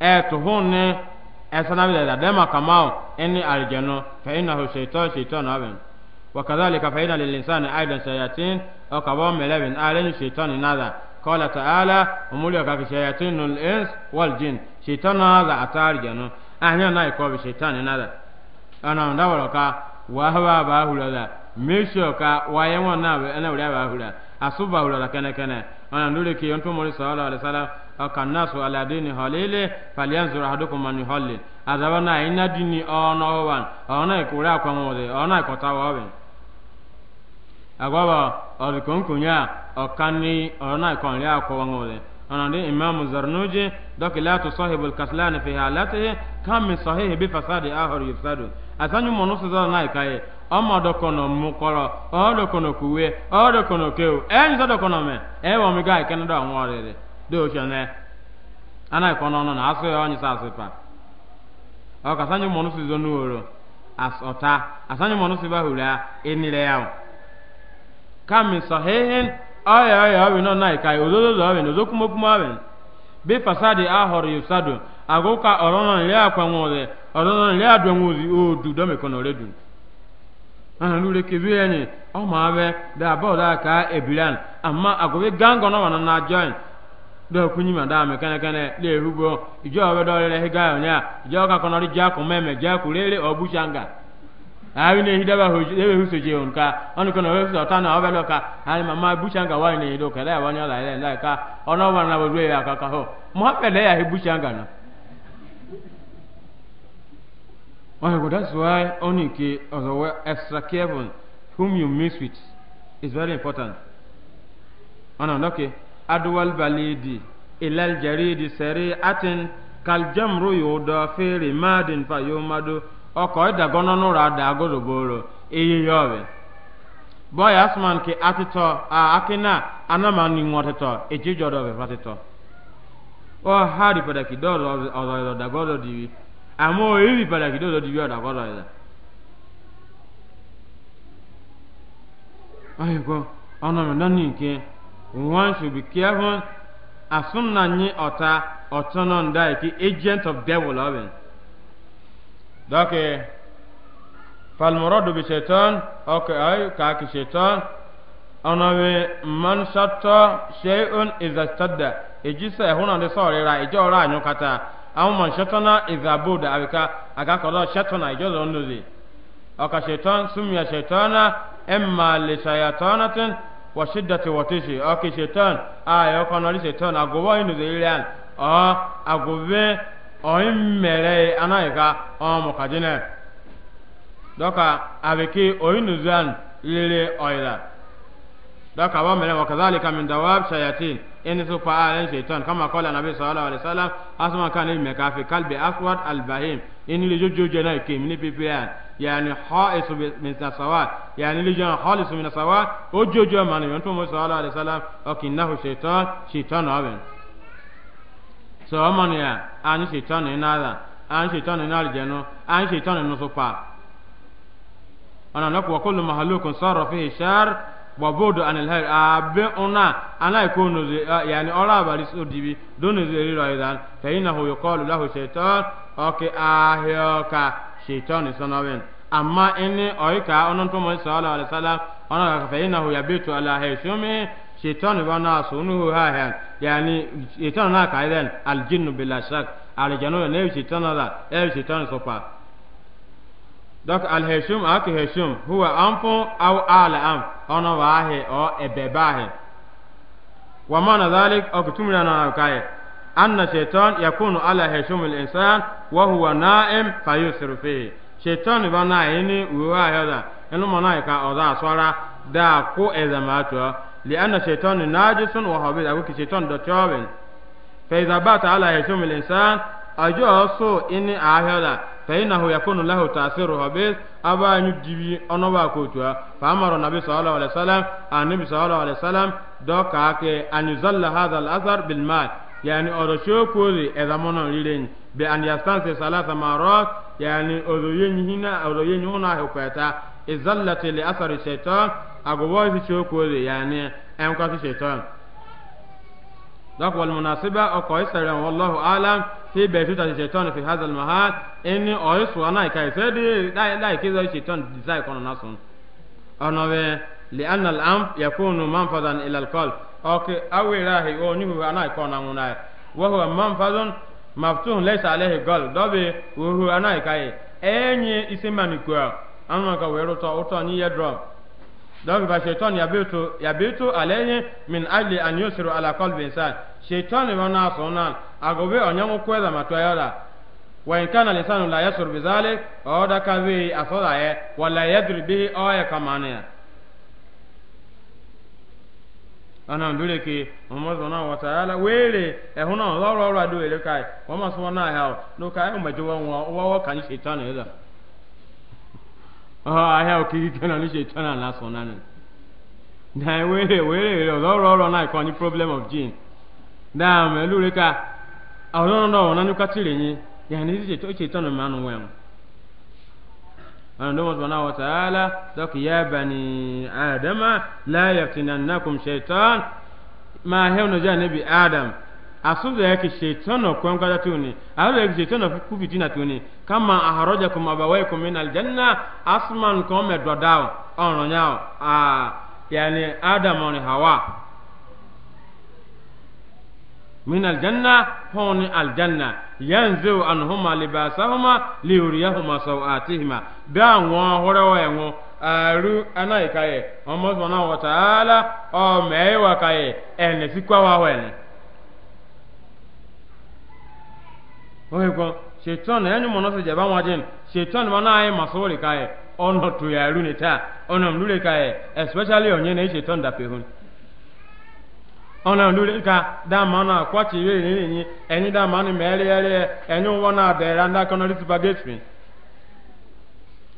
e to hunne esana bila da dema kamao eni aljano fa innahu shaytan shaytan aben wa kadhalika fa inna lil insani aidan shayatin aw kabaw melabin alani shaytan nada qala ta'ala umuli ka shayatinul ins wal jin shaytan nada atar jano anya na iko bi shaytan nada ana ndawara ka wa hawa ba hulala mesho ka wa yemwa na ana ura ba hula asuba hulala kene kene ana ndule ki yonto mori sallallahu alaihi wasallam kan nasu ala dini halile falyanzur kuma man yuhallil azaba na ina dini ono wan ono ikura kwa ngode ono ikota wawe agwaba odikonkunya okani ono ikonri akwa ngode anande imamu zarnuji doki fi halatihi kam min sahihi bi fasadi yufsadu asanyu monusu zara na ikaye ọmọ dọkọnọ mukọrọ ọdọkọnọ kuwe ọdọkọnọ kewu mẹ ẹwọ mi ikẹnudọ àwọn do shone ana ko no na aso yo nyi sa pa o ka monu si zo nuoro asota asanyo monu si ba enire ya e kami sahihin aya aya abi no na kai ododo zo abi no kuma abi fasadi ahor yusadu agoka orono ile akwanwode orono ile odu do me kono ana lule kebi o ma abe da ka ebilan amma agobe wana na join do kunyi ma da me kana kana le rugo ijo we do he ga onya ijo ka kono ri ja ku meme ja ku lele obu changa ne hida ba hoji e soje ka onu ta na o belo ka ani mama bu changa wa ni do ka da la la ka ono wa na ya a ka ho mo pe ya he bu na Oh, well, that's why only ke adwal balidi ilal jaridi sari atin kaljamru yudo fi rimadin fa yumadu oko idagono nura da agorogoro iyi yobe boy asman ki atito a akina anama ni ngotito ejijodo be fatito o hari pada ki dodo odo da godo diwi amo iri pada ki dodo diwi da godo ida ayo ko ana me nani ke one should be careful asunna nyi ọta ọtọnọn da ki agent of devil ọbẹ dọkẹ falmọrọdù bi ṣetán ọkẹ ayé kàkì ṣetán ọ̀nàwé mọ́nsátọ́ ṣẹ́yún ìzàtọ́dà èjì sẹ́ ẹ̀hún náà ní sọ̀rọ̀ ra ìjọ ọ̀rọ̀ àyùn kata àwọn mọ̀nsátọ́nà ìzàbòdà àbíká àkàkọ̀dọ̀ ṣẹ́tọ̀nà ìjọ lọ́nà lè ọkà ṣetán súnmìyà ṣetán ẹ̀mà wa shiddati watishi oke shetan ayo konori shetan agowo inu de ilian o agove oyin mere anaika o mukajine doka abeki oyinu zan lele oyla doka wa mere wa kadhalika min dawab shayatin in su fa ayan shetan kama kola nabi sallallahu alaihi wasallam asma kan ilme ka fi kalbi aswad albahim in li jojoje na ke mini pipian yani khaisu min nasawat yani lijan khalisu min nasawat o jojo man yon to musa sallallahu alaihi wasallam o kinnahu shaytan shaytan aben so man ya ani shaytan ina da ani shaytan ina aljano ani shaytan no so pa ana nako wa kullu mahalukun sarra fihi shar wa budu an al hayr abe una ana ikunu yani ora abari so dibi donu zeri raidan fa inahu yuqalu lahu shaytan okay ahyoka shaitan sanawen amma inni oika onon to mo sallallahu alaihi wasallam ona ka fa innahu yabitu ala hayshumi shaitan wa nasunuhu ha ha yani shaitan na ka idan aljinnu bila shak aljanu ne shaitan da e shaitan sopa dok alheshum ak heshum huwa ampo au ala am ona wahe o ebebahe wa mana dhalik okutumira na kai. أن الشيطان يكون على هشوم الإنسان وهو نائم فيسر فيه شيطان بنا إني ووا هذا إنه منايكا أذا صار دا كو إذا ماتوا لأن الشيطان ناجس وهابط أقول الشيطان دتشابن فإذا بات على هشوم الإنسان أجو أصو إني أهذا فإنه يكون له تأثير هابط أبا نجيبي أنوا كوتوا فأمر النبي صلى الله عليه وسلم النبي صلى الله عليه وسلم دوكاك أن يزل هذا الأثر بالمال yani odo shokozi ezamono lilen be an yastanse salasa marat yani odo yenyi hina odo yenyi ona hukata izallati li athari shaitan agobozi shokozi yani enkasi shaitan ذاك والمناسبة أقوى إسرائيل والله أعلم في بيتوت الشيطان في هذا المحل إني أعيس وأنا كايسيدي لا لا كذا الشيطان ديزاي كون ناسون أنا لأن الأمر يكون منفذا إلى القلب ok awirahi onyuhu anai kona ngunai wahuwa manfazon maftun laysa alayhi gol dobe wuhu anai kai enye isimani kwa anwa ka weru to uto ni yedro dobe ba shaitan ya bitu ya bitu alayhi min ajli an yusiru ala qalbi insan shaitan wana sona agobe onyangu kwela matoyala wa in kana lisanu la yasur bizalik oda kavi asoda ye wala yadri bihi oya kamania ana ndure ke umar zona wata ala were e eh, huna lawra lawra do ele kai wa ma sona ha no kai ma jo wa wa wa kan shaitan ne da ah ha o ki kana ni shaitan na sona ne na wele wele lawra lawra na ko ni problem of gene da me lure ka awon ah, no no na ni ka tire yin ya ni shaitan ma nu wen أن الله سبحانه وتعالى ذك يا بني آدم لا يفتننكم شيطان ما هي نجا نبي آدم asuzu yake shaitano kwan kaza tuni asuzu yake shaitano ku fitina tuni kama aharajakum abawaykum min aljanna asman kome dodao ononyawo a ah, yani adam on hawa من الجنة هون الجنة ينزو عنهما لباسهما ليريهما سوآتهما بأن وهو وينو aru ana ikaye ọmọ sọna wọtaala ọmọ ẹwà kaye ẹnẹ sikwa wa wẹni. oye kọ ṣetán ẹni mọ̀nà sọ jẹba wọn especially na ẹ̀ ona lure ka da mana kwa ti re re ni eni da mani mere ere eni wona da era nda kono ri bagati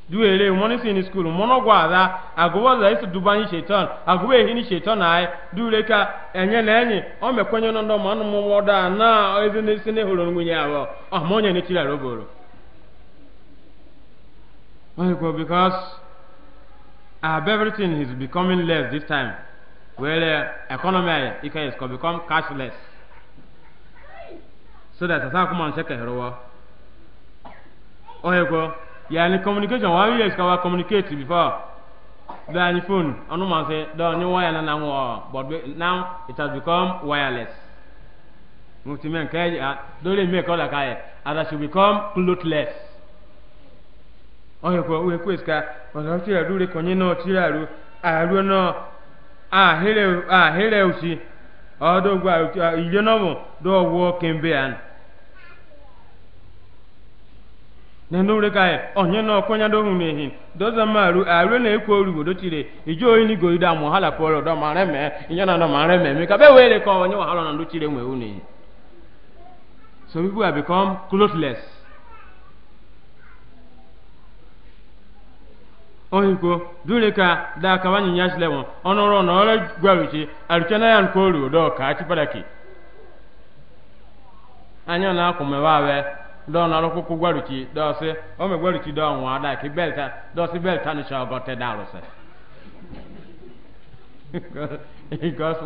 du ere woni sin school mono gwa da za isu duban shetan agwa ehi ni shetan ai du re ka enye na enye o mekwenye no ndo manu mu woda na ezi ni sin horo nwunye awo o ni tira ah, roboro where economy is can become cashless so that asa kuma nse kehrewa oye ko yani communication why yes ka wa communicate before da ni phone onu man say da ni wire na na uh, but now it has become wireless muti men kai do le me ko la as ada should become clothless oh ko we ko iska ona ti do re konye na ti aru aru na a hele a hele usi o gwa ile no mo kembe an ne no onye no konya do hun ehin do za ma aru na ekwo ru ah, do tire ijo yi ni go ida mo hala ko ro do ma re me inya na do ma re me mi ka be we ko onye wa hala na do tire nwe uni so people have become clothless ohiko durika da ka wani ya shile won onoro na ore gwawichi arikena yan ko ru do ka ti paraki anya na ku me wawe do na ro kuku gwawichi do se o me gwawichi do won ada ki belta do si belta ni sha gote da ro se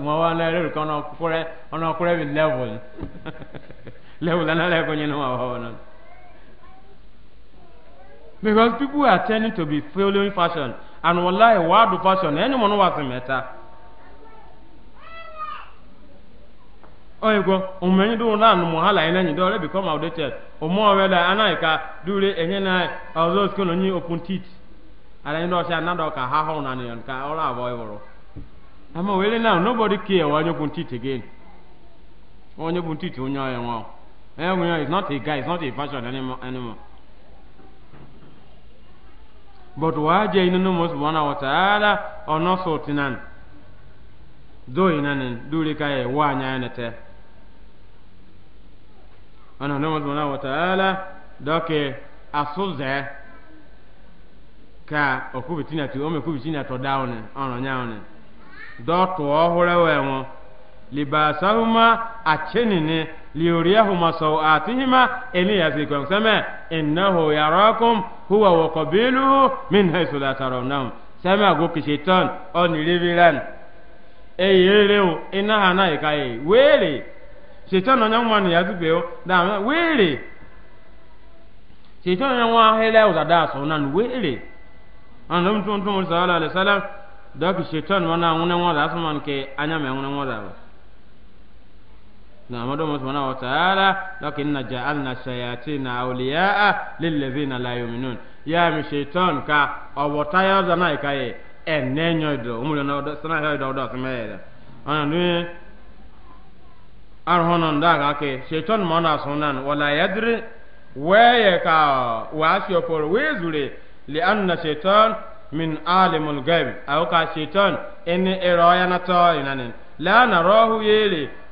mo wa na kure kure bi level level na le ko wa wa because people are tending to be following fashion and wallahi wadu fashion anyone was a meta oyego dị do na no nyi do become outdated omo we da anaika dure enye na ozo school onye open teeth ala ndo sha na ka ha ho na nyon ka ora abo iboro ama wele now nobody care wa onye open teeth again onye open teeth onyo nwa enyo is not a guy is not a fashion anymore anymore but waje ina no mos wana wa taala ono sotinan do ina nen duri kai wa nya ne te ono no mos wana wa taala doke asuze ka okubitina ti ome kubitina to down ono nya ono do to ohore we mo libasahuma acenini liyuriyahuma sawatihima eni yasikon sɛmɛ innahu yarakum huwa wa qabiluhu min haythu la tarawnahum sɛmɛ ago kishitan ɔni riviran eyerew ina hana ikaye were shitan onye nwa ni yazubeo dama were shitan onye nwa hele uzada were annabi mutum mutum sallallahu alaihi wasallam dɔki shitan wana ŋuna ŋɔda asuman ke namadu musmana wa ta'ala lakin na ja'alna shayatina awliya'a lillazina la yu'minun ya mi shaitan ka awota ya zana ikaye enenyo do umulo na do sana ya do do smeyeda ana ni arhono ndaga ke shaitan mona sunan wala yadri weye ka wasi opor wezure li anna shaitan min alimul ghaib aw ka shaitan en eroya na to inanin la narahu yele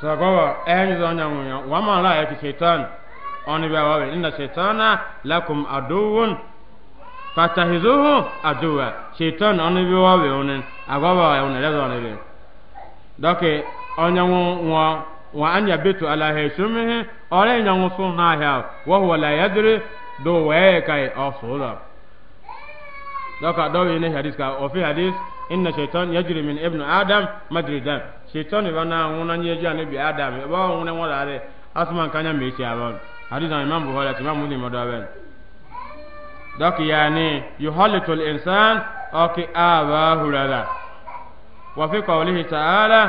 sagoba ɛni eh, zɔn nya ŋun ya wama la yɛ eh, ki shaitan ɔni bɛ wa bɛ inda shaitana lakum aduwun fatahizuhu aduwa shaitan ọnụ bɛ wa bɛ wunin agoba ya eh, wunin lɛ zɔn bɛ dɔke ɔnya ŋun wa anya an ya bitu ala hɛsumihi ɔlɛ nya sun na hɛ wa huwa la yadiri do wɛɛ kai dɔka dɔw ye ne hadis ka o fi hadis inna shaitan yajri min ibn adam madri dam shaitan ba na ŋuna nye jia ne bi adam ba wa ŋuna ŋuna ale asman kanya me ci abon hadis na imam bukhari imam muslim ma dɔbɛn dɔk yani yuhallitul insan ɔki aba hulala wa fi ta'ala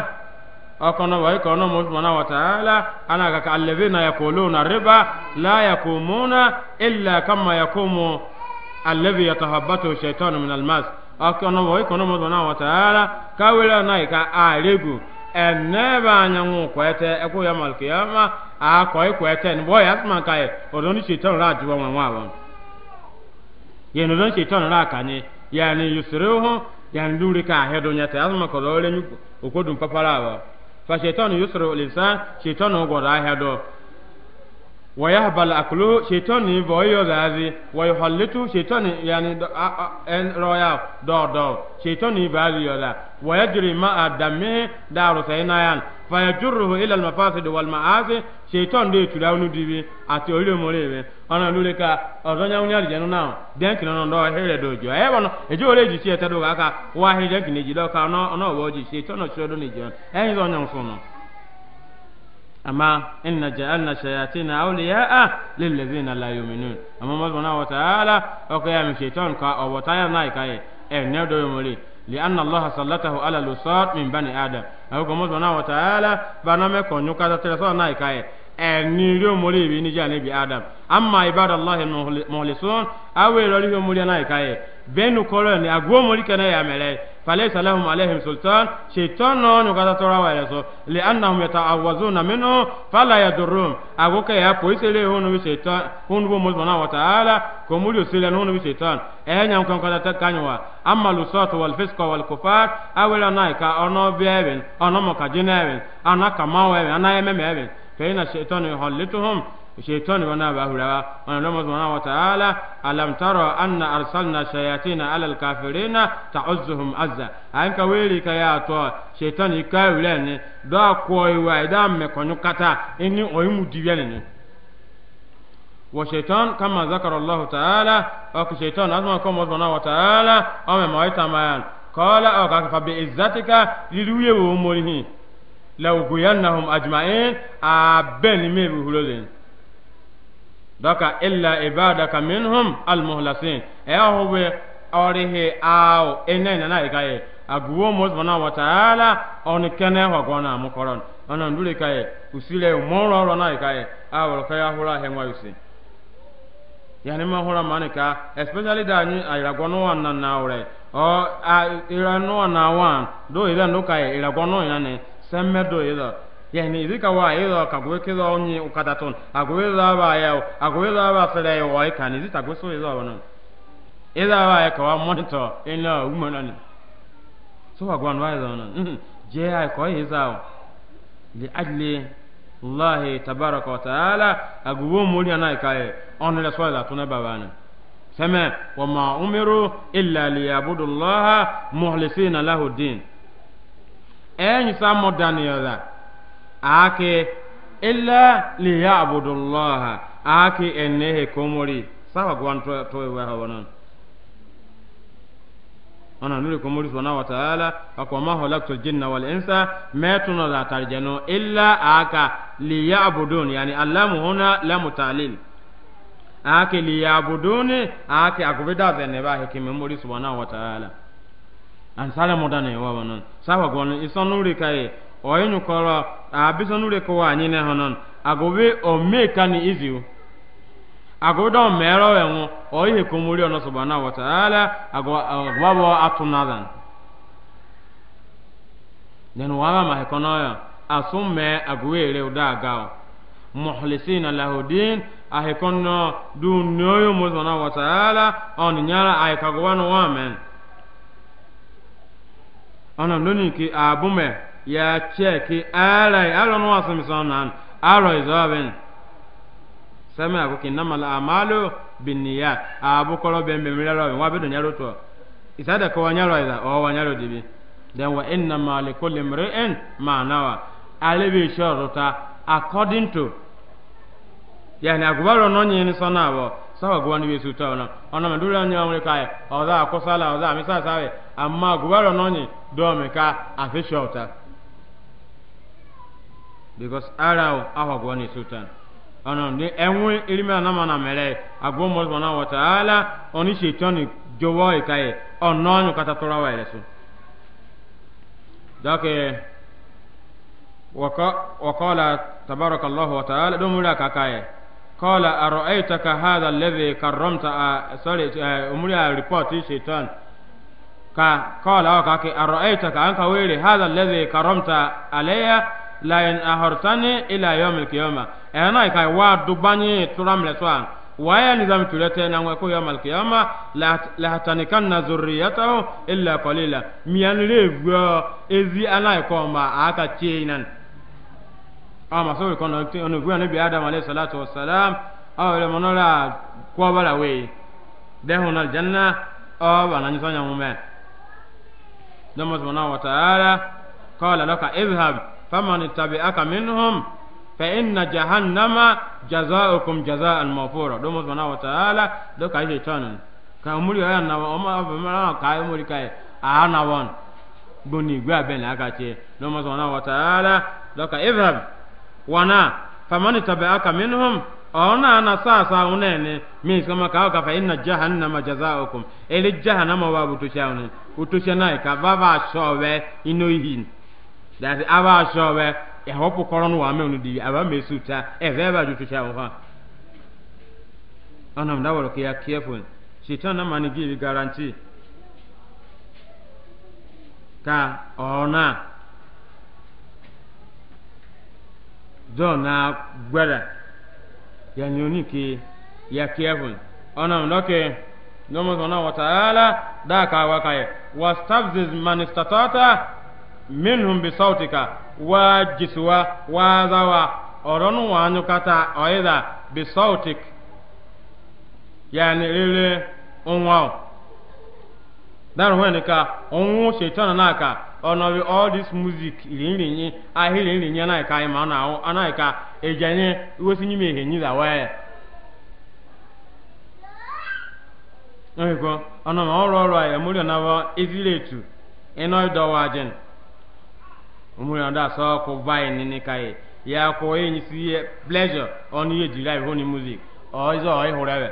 ọkọ̀nà wà ikọ̀ ọ̀nà mọ̀sùmọ̀nà wàtàálà ana kàkà alẹ́bí na yàkó lónà rìbá láyàkó múnà ilẹ̀ kama yàkó Alebe alladhi yatahabbatu shaytanu min almas akono wo ikono mo na wa taala kawela nai ka aregu eneba anyanwu kwete ekwu ya malkiyama akọ ikwete ni boy asman kai odoni shaytan ra juwa nwa nwa won ye no don shaytan ra kanye yani yusrihu yani duri ka hedo nyata asma ko dole nyu okodum papara wa fa shaytan yusru lisan shaytan ogoda hedo ويهبل أكله شيطاني بويو ذاذي ويحلته شيطاني يعني ان رويا دور دور شيطاني بهذه يولا ويجري ماء دمه دار سينايان فيجره إلى المفاسد والمعاصي شيطان دي تلاون ديبي أتولي مريبي أنا لوليكا أظن يوم يالي جنو ناو دينك نانو دو هيري دو جو أيوان إجو لي جي سيئة تدوغا كا واحد دينك نجي دو كا نو نو ووجي شيطان شودو نجي أيوان يوم سونو أما إن جعلنا الشياطين أولياء للذين لا يؤمنون أما الله سبحانه وتعالى أقيام الشيطان كا أو وطايا نايكا إيه نيودو يومولي لأن الله سلطه على لصات من بني آدم أو كما سبحانه وتعالى بنامي كونيو كذا تلسوا نايكا ẹni rí omori ibi ní jẹ́ níbi adam ama ibada allahi mọ̀lẹ́sọ́n awo ìrọ̀lẹ́ omori náà ìka yẹ bẹ́ẹ̀ nu kọ́rọ̀ ni àgbo omori kẹ́nẹ́ yà mẹ́rẹ́ فليس لهم عليهم سلطان شيطان نون كذا ترى ويسو لأنهم يتعوذون منه فلا يضرهم أقولك يا بويس لي هون بشيطان هون بو مزمنا وتعالى كمول يسيلن هون بشيطان أين يوم كان كذا تكانوا أما لصوت والفسق والكفار أولا نايكا أنا بيبن أنا مكجنبن أنا كماوبن أنا يمبن فإن الشيطان يهلتهم shaitani wana ba hurawa wana nomo subhanahu wa ta'ala alam tara anna arsalna shayatina ala alkafirina ta'uzzuhum azza an ka weli ka ya to shaitani ka wulene da koyi wa idan me konu kata inni oyimu diwene ne وشيطان كما ذكر الله تعالى أو شيطان أسمع كما سبحانه وتعالى أو ما يتمان قال أو كفى بعزتك للوي ومره لو غينهم أجمعين أبن مي بهلولين dɔka illa ibadaka minhum almuhlasin ɛyɛ ho be ɔrihi aw ene nana na aguwo mo subhana wa ta'ala on kene ho gona mo koron ona ka usile mo ro ro na ika awol ka ya he yani hura manika especially da ni ayra gono wan na ore o a ira no na wan do ira no ka ira gono yana ne semme do ira yani izika wa izo kagwekeza onye ukadaton agweza aba ya agweza ya wa ikani zita gweso izo aba ya kwa monitor ina umana so agwan wa izo non mm-hmm. je ya ko izo li ajli Allah tabaraka wa taala agwo muri ana kai on le swala tuna babana sama wa ake illa liya'budullaha ake ennehe komori sawa gwan to to wa hawanan ana nuri komori subhanahu wa ta'ala akwa ma halaktu jinna wal insa ma tuna la tarjanu illa aka liya'budun yani allamu huna lamu ta'lil ake liya'budun ake akubida zene ba hikimi mori subhanahu wa ta'ala an sala modane wa wanan sawa gwan isonuri kai oyinu koro abisonure ko wa nyine honon agobe o meka ni iziu agodo mero wenwu o ihe ko muri ono subhanahu wa ta'ala agwabo atunadan den waba ma hekono ya asumme agwere udagao muhlisina lahu din ahekono du noyo mo subhanahu wa ta'ala on nyara ayikagwano wamen ana noni ki abume ya cheki alai alo no wasim sonan alo izabin sama ako kinama la amalu binniyat abukolo bembe miralo wa bedo nyalo to isada ko wanyalo iza oh, o wanyalo dibi then wa inna ma li kulli mri'in ma nawa alebi shorota according to yani agubaro no nyini sonabo sawa guwani bi suta ona ona madura nya amre kai oza akosala oza misa sawe amma agubaro no nyi do me ka afishota because ara awa gwa ni sultan ana ni enwe ilimi anama na mere agbo mo bona wa taala oni shaitan jowo ikaye ono anyu kata tora wa ilesu dake waka waqala tabarakallahu wa taala do mura kakaye qala ara'aytaka hadha alladhi karramta sorry umuri e, report shaitan ka qala wa kake taka anka wele hadha alladhi karramta alayya layin ahortani ila yomil kiyoma ɛna ka wa dubani turam le soan waya nizam tulete na ngwe ko yomil kiyoma la hatanikan na zurriyatahu illa qalila miyan le gwa ezi ana ko ma aka cheinan ama ah, so ko no ono gwa ne bi adam alayhi salatu wassalam aw ah, le monora ko bala we de honal janna aw ah, bana nyanya mumme dama subhanahu wa ta'ala qala laka izhab faman tabi'aka minhum fa inna jahannama jazaa'ukum jazaa'an mawfura do mosbana wa ta'ala do kai shaitan ka muri ya na o ma ba ma ka muri kai a na won boni gba be na aka che do mosbana wa ta'ala do ka idhab wana faman tabi'aka minhum ona na sasa unene mi kama ka ka fa inna jahannama jazaa'ukum ele jahannama wa butusha unene utusha nai ka baba showe inoihin that aba ashobe e hopu koron wa me unu diwi aba me suta ha. veba jutu sha wa ana mda woro kia careful shitan oh, na mani ka ona do na gwara ya nyoni ya careful ana mda ke nomo sona wa taala da ka wa kai wastafziz minhum bisautika wa jisuwa wa zawa oronu wa anyukata oida bisautik yani rere onwa ya when ka onwu shetana na ka onobi all this music ahiri na ka ima na awu ana ka ejanye iwesi nyime ehenyi da waye Oye ko, ọ̀nà ọ̀rọ̀ ọ̀rọ̀ àyẹ̀múlẹ̀ náà wọ ezílẹ̀ umuri da so ko vai ni ni kai ya ko e ni si e pleasure on ye derive on music o izo o e horewe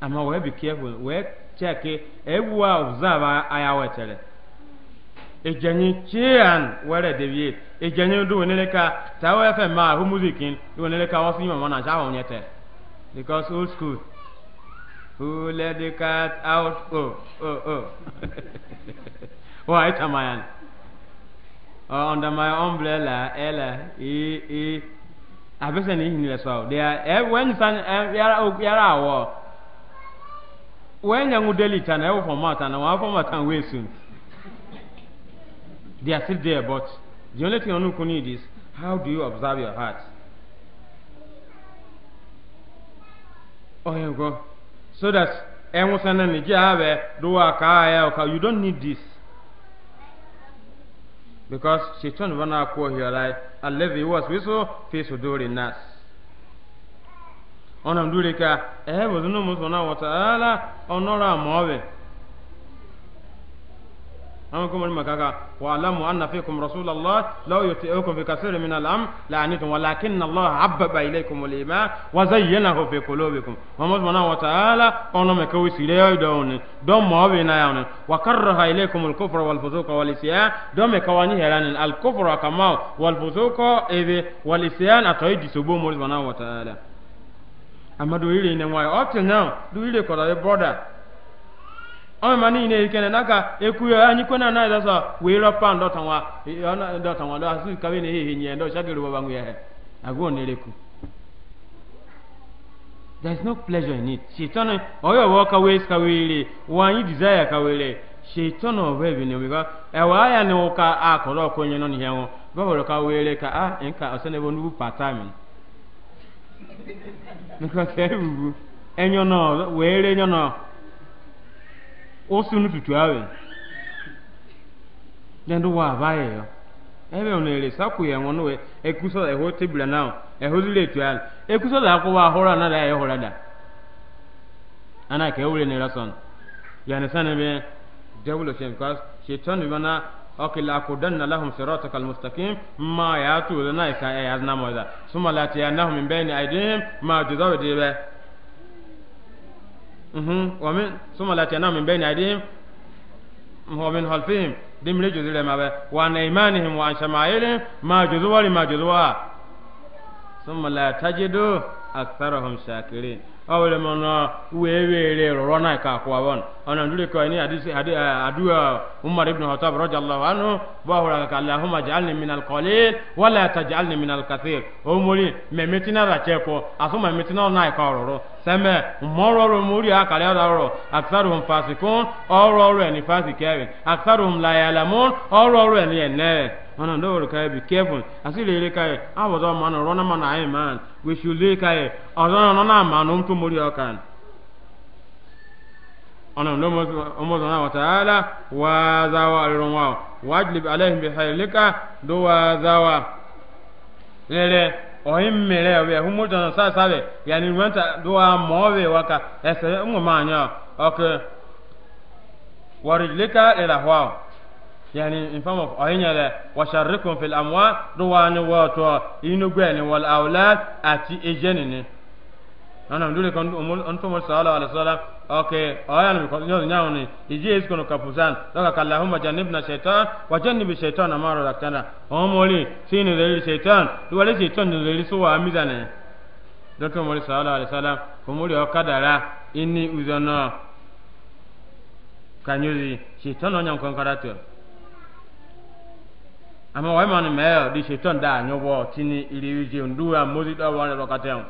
ama we be careful we check e, e wa observe aya wetere ejanyi chian were deviate ejanyi du wenele ka tawe fe ma hu music in du wenele ka wasu ma na sha wonye te because old school who let the cat out oh oh oh Why am I on? Oh, under my umbrella, Ella, E, E. I bet eh, any eh, in the They are when sun and Yara Yara war. When young Delhi and help for Martin and one for Martin way soon. They are still there, but the only thing you can need is how do you observe your heart? Oh, yeah, go. So that, and eh, what's an energy, I have a do a ah, you don't need this because she turned shaitan wana ko hiyarai allazi waswisu fi suduri nas onam was no e bozunu musona wa ta'ala onora mawe an kuma ni makaka wa alamu anna fikum rasulullah law yuti'ukum fi kaseerin min al-am la anitum walakin allah habbaba ilaykum al-iman wa zayyanahu fi qulubikum wa ma subhanahu wa ta'ala ono me kawi sire don don mo be na yon wa karraha ilaykum al-kufra wal fusuqa wal isyan don me kawani heran al-kufra kama wal fusuqa ebe wal isyan atoydi sobo mo subhanahu wa ta'ala amadu ire ne wa up till now do ire ko da brother ọmọ ma niile ikene naka ya anyị kwena na ịdọsọ wee rọpa ndọtanwa ndọtanwa ndọ asụ kabe na ehihi nye ndọ shagiri wabanwu ya he agwọ na-ereku there is no pleasure in it shaitan oyo wo ka wee ka wele wa anyị desire ka wele shaitan of heaven because ewa aya na ụka akọrọ ọkụ onye nọ n'ihe nwụ bọbọrọ ka wele ka a e, nka ọsọ na ebe onugbu patamin nke ka ebubu enyo nọ were enyo nọ osi nu tutu awe nendo wa abaye yo ebe ono ere saku ye ngono we ekuso eho tebula now eho zile tu al ekuso la ko wa hora na da ye hora da ana ke ule ne rason yani sana be jawlo shem kas shaitan bi mana akila kudanna lahum siratak almustaqim ma yatu lana ka ya azna moza suma la tiyanahum min bayni aydihim ma jazaw dibe ومن ثم لا تنام من بين أيديهم ومن خلفهم دمري جزء لما وعن إيمانهم وعن شمائلهم ما جزوا لما جزوا ثم لا تجدوا أكثرهم شاكرين awele mana weweere roro na ka kwa won ana ndule ko ni hadisi hadi eh, adua umar ibn khattab radiyallahu anhu ba hura ka allahumma ja'alni min alqalil wa la taj'alni min alkathir o muri me ra cheko asoma metina na ka roro seme mororo muri akale roro aksaruhum fasikun ororo ni fasikere aksaruhum la ya'lamun ororo ni ene ona ndo wol kai be careful asile ile kai e, awodo ah, ma na rona ma na ai man we should le kai ozo e, no na ma no ntu muri okan ona ndo mo na wa taala wa zawa alron wa wajlib alaihim bi haylika do wa zawa lele oyin mere obe humo tana sa sabe yani wanta do wa mowe waka ese mo ma nya okay warijlika ila hwa yani in form of oyinyele washarrikum fil amwa duwani wato inugwe ni wal aulad ati ejeni ni ana ndule kon umul antum sallallahu alaihi wasallam okay ayan mi kon nyaw nyaw ni iji es kono kapusan daga kallahumma jannibna shaytan wa jannibi shaytan ma razaqtana omoli sini le shaytan duwale shaytan ni le suwa amizane dokto moli sallallahu alaihi wasallam komuli okadara inni uzana kanyozi shaytan onyan ama wa man me di shetan da nyo bo tini ili wije nduwa mozi da wa lo katem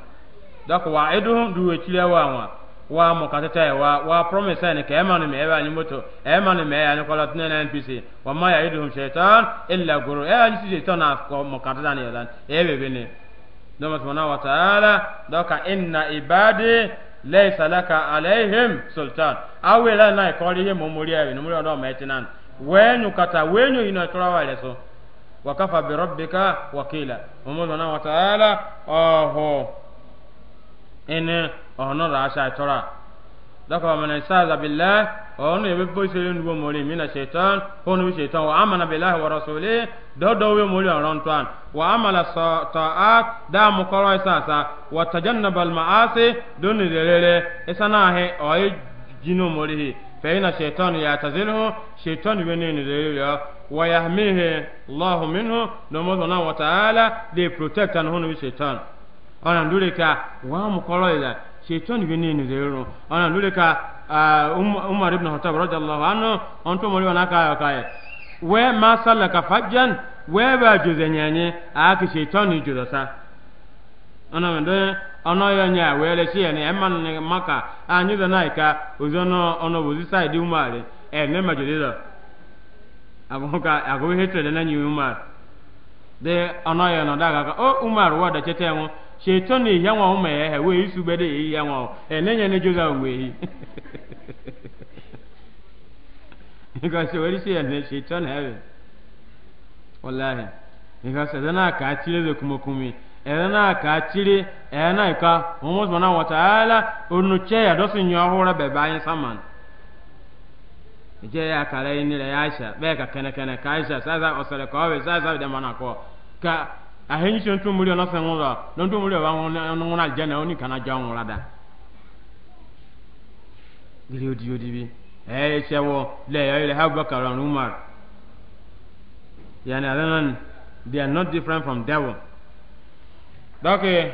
da ko wa edum duwe chile wa wa wa mo katata wa wa promise ne ke man me ba e nyimoto e man me ya e ni kola tne na npc wa ma ya edum shetan illa e guru e ani shetan na ko mo katata ne lan e be be ne do ma subhanahu wa ta'ala da ka inna ibadi laysa laka alaihim sultan awela na ko ri he mo mori e ni mo do ma etinan wenyu kata wenyu ino trawa leso wakafa bi rabbika wakila mumu zana wa ta'ala oho ene ono ra sha tora daka wa man isaza billah ono ebe bo sele nugo mori mina shaitan ono bi shaitan wa amana billahi wa rasuli do do we mori on tan wa amala ta'at da mu koro isasa wa tajannabal ma'asi dun lelele isana he oyi jino mori fe ina shaitan ya tazilhu shaitan we ne ne lelele ويهميه الله منه نمو سبحانه وتعالى دي protect عنه من الشيطان أنا ندوري كا وام شيطان يني نزيرو أنا ندوري عمر بن الخطاب رضي الله عنه أنتم مولي ناكا يكاي وما سلك فجا وما جزنياني أكي شيطان يجوزا أنا من دوري maka na ka abuka ago he tele na nyi umar de ono ye daga ka o umar wa da chete ngo shaitan ni yanwa o me he we isu be yi yanwa e ne ne joza we hi ka se wori se ne na he wallahi ni ka se na ka tire de kuma kumi e na ka mo na onu ya do sin yo hora be saman je ya kala ni la Aisha be ka kana kana ka Aisha sasa osale ko we sasa de mana ko ka a hen shon tu muri na san wala non tu muri wa non na jana oni kana ja on rada gili odi odi bi eh chewo le yo le Abubakar and Umar yani they are not different from devil dake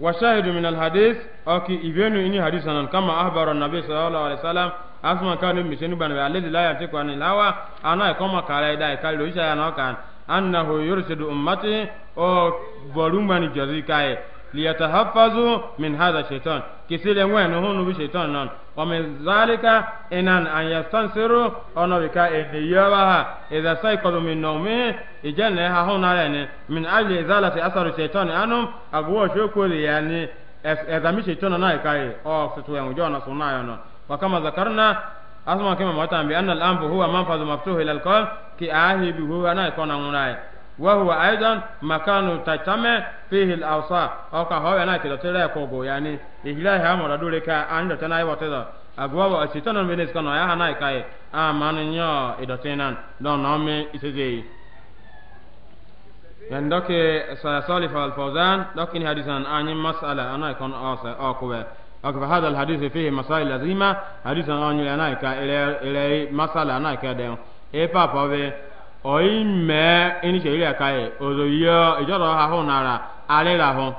washahidu min alhadith aki ibenu ini hadithanan kama ahbara nabi sallallahu alaihi wasallam asuma ka ne misenu bana ale de la ya te kwani lawa ana ko ma kala ida ka lo isa ya no kan annahu yursidu ummati o borumani jazi kai liyatahaffazu min hadha shaitan kisile ngwenu hunu bi shaitan non wa min zalika inan an yastansiru ono bika eniyabaha idha saykadu min nawmihi ijanne ha huna lene min ajli izalati asaru shaitan anum agwo shukuri yani ezami shaitan na kai o fitu yangu jona sunayo non وكما ذكرنا asma kema matan bi anna al-anfu huwa manfaz maftuh ila al-qalb ki ahi bi huwa na ikona ngunai wa huwa aidan makanu tatame fihi al-awsa aw ka hawa na kilo tere ko go yani ihlahi amara dole ka anda tanai wateza agwa wa sitana menes kana ya hanai kai amanu nyo idotenan don nome isezei yan doke sa salif al-fawzan dokin hadisan anyi mas'ala ana ikon awsa akuwa أكف هذا الحديث فيه مسائل لازمة حديث أن يلناك إلى إلى مسألة ناك دين إبا بابي أي ما إن شيء لك أي أزويا إجرا هاهو نارا علي لهو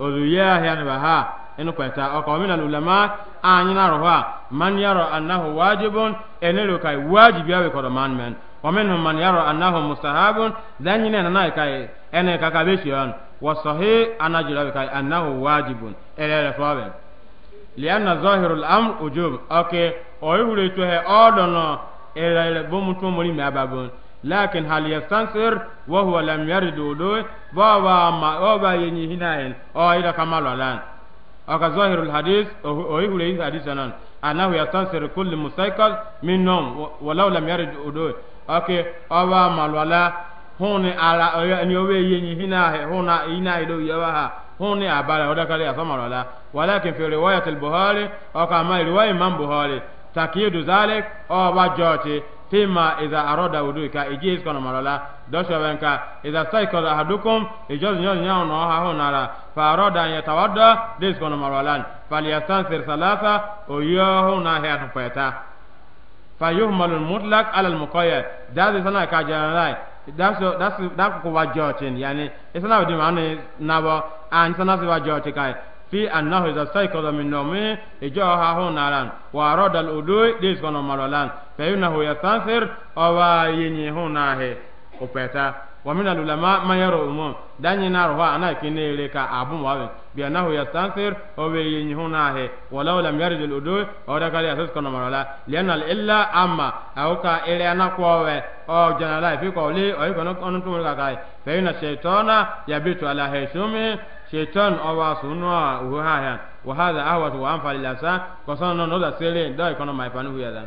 أزويا هيان بها إنه كنت أقوى من العلماء أن ينارها من يرى أنه واجب إن لك واجب يبقى كرمان من ومنهم من يرى أنه مستحب ذن ينين ناك أي إنه كاكابيشيان والصحيح أنا جلبك أنه واجب إلى الفاضل lianna zahiru al'amr ujub ok oyi hure to he odono elele bomu to mori me ababon lakin hal yastansir wa huwa lam yarid udu baba ma oba yeni hinain o ida kamalo lan aka zahiru al hadith oyi hure hadith nan anahu yastansir kull musaykal min nawm walau lam yarid udu ok oba malwala hone ala ni owe yeni hinahe hona ina ido hun ni abala oda kale asamara la walakin fi riwayat al buhari aw kama riwayat imam buhari takidu zalik aw ba joti fima idha arada wudu ka iji is kono marala dosho wenka idha saikol ahadukum ijoz nyon nyon no ha honara fa arada an yatawadda dis kono marala falyastansir salasa o yohu na ha feta fa yuhmalu al mutlaq ala al muqayyad dadi sana ka janalai That's daso daso dako wa jochin yani isana wadi mani nabo an sana si wa jochi kai fi annahu iza saikoza min nomi ijo ha hu naran wa roda aludui dis kono malolan fe yunahu yastansir owa yinyi hu nahe upeta ومن العلماء ما يرى عموم داني نار هو أنا كني لك أبو وابن بأنه يستنصر أو ينهونه ولو لم يرد الأدو أو ذلك يسوس كنا مرلا لأن الإلا أما أو كا إلا أنا قوة أو جنالا في قولي أو يكون أنتم تقول كاي فإن الشيطان يبيت على هشومه شيطان أو سنوا وهذا وهذا أهوت وأنفع للأسان وصنع نودا سيرين دا يكون ما يفعله يدان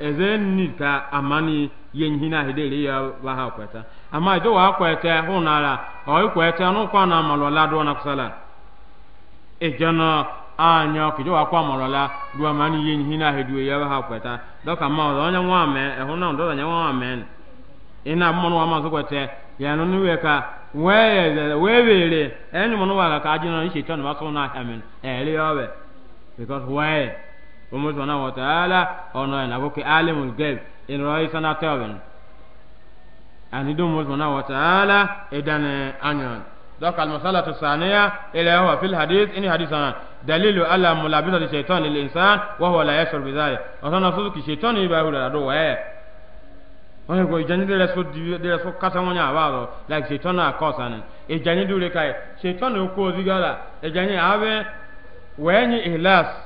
eze nni ka amani yenyi na hideli ya ba ha kweta ama ido wa kweta hu na la o kweta no kwa na malola do na kusala e jana anya kido wa kwa malola do amani yenyi na hideli ya ba ha kweta ma nya nwa me e hu na nya nwa me ina so kweta ya we e ka wa ka ajina ni omo subhanahu wa ta'ala ono ina boki alimul ghaib in roi sana tawin ani do mo subhanahu wa ta'ala idan anyon دوك المسألة الثانية إلى هو في الحديث إن حديثنا دليل على ملابسة الشيطان للإنسان وهو لا يشعر بذلك وصلنا صدق الشيطان يبقى هو لدو وهي wọ́n yẹ kó ìjẹ́nidẹ́rẹ́ so dìrẹ́ so kásáwọ́nyá àbáàrọ̀ like ṣètọ́nà àkọ́sánì ìjẹ́nidúrẹ́ káyẹ̀ ṣètọ́nà okú òzígàrà ìjẹ́nidẹ́ ààbẹ̀ wẹ́ẹ́nyì ìlàsì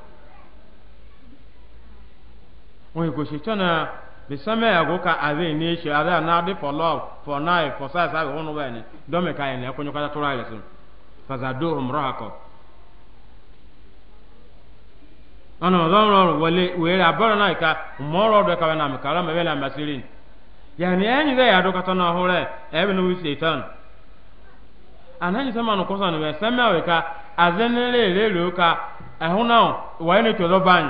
wọn kò sì tọ́nà ya àgó ka àbẹ́ ní ṣe na ànáàdé for love for life for size àbẹ̀ wọn bẹ́ẹ̀ ni dọ́mẹ̀ ká ẹ̀nà ẹ̀kọ́ akọ. tóra na sí fàzàdó òmùrọ̀ àkọ́. ọ̀nà ọ̀dọ́rọ̀ wọlé wẹ̀rẹ̀ àbọ̀rọ̀ náà ìka mọ́rọ̀ ọ̀dọ̀ ẹ̀ka wẹ̀nà àmìkà ọ̀rọ̀ mẹ́wẹ́lẹ̀ àmàṣírí yàní ẹ̀yìn na yàdó kata náà hórẹ̀ ẹ̀bí ni wíṣẹ̀ tán ànáyìn sẹ́mà nù kọ́sà nìyẹn sẹ́mà wẹ̀ ká àzẹ́nilé ìrẹ́lẹ̀ ka ká ẹ̀hún náà wọ́n ẹni tó lọ́ báyìí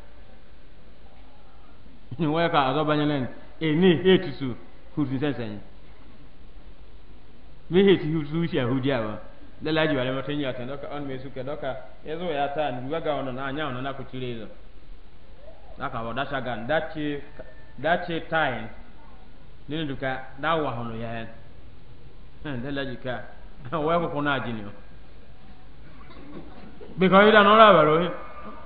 wọ́n ka azọ́ banyelen ene hetu su hutu sẹ́sẹ̀yìn mi hetu hutu si ahudi awa lẹ́la jù wàlẹ́ mọ́tò ń yàtọ̀ dọ́ka ọ́n mi sùkẹ́ dọ́ka ẹ̀zọ́ ya ta ni wíwá ga ọ̀nà náà anya ọ̀nà náà kò tiri ẹ̀zọ́ náà kàwọ́ dáṣà gan dáṣe táyìn nínú dùkà náà wà ọ̀nà yà ẹ̀ lẹ́la jù ká wọ́n ẹ̀kọ́kọ́ náà jìnnì o bìkọ́ yìí dáná ọ̀rọ̀ àbẹ̀rẹ̀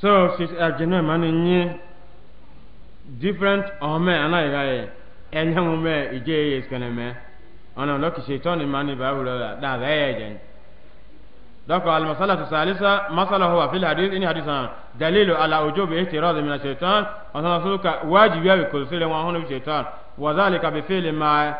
so she's ajinu mani nye different ome ana igaye enye mume ije ye iskene me ana loki shaitani mani ba hula da da ye jen dako al masalatu salisa masala huwa fil hadith ini hadithan dalilu ala ujubi ihtiraz min shaitan ana suluka wajibi ya kulsile wa hono shaitan wa dhalika bi fi'li ma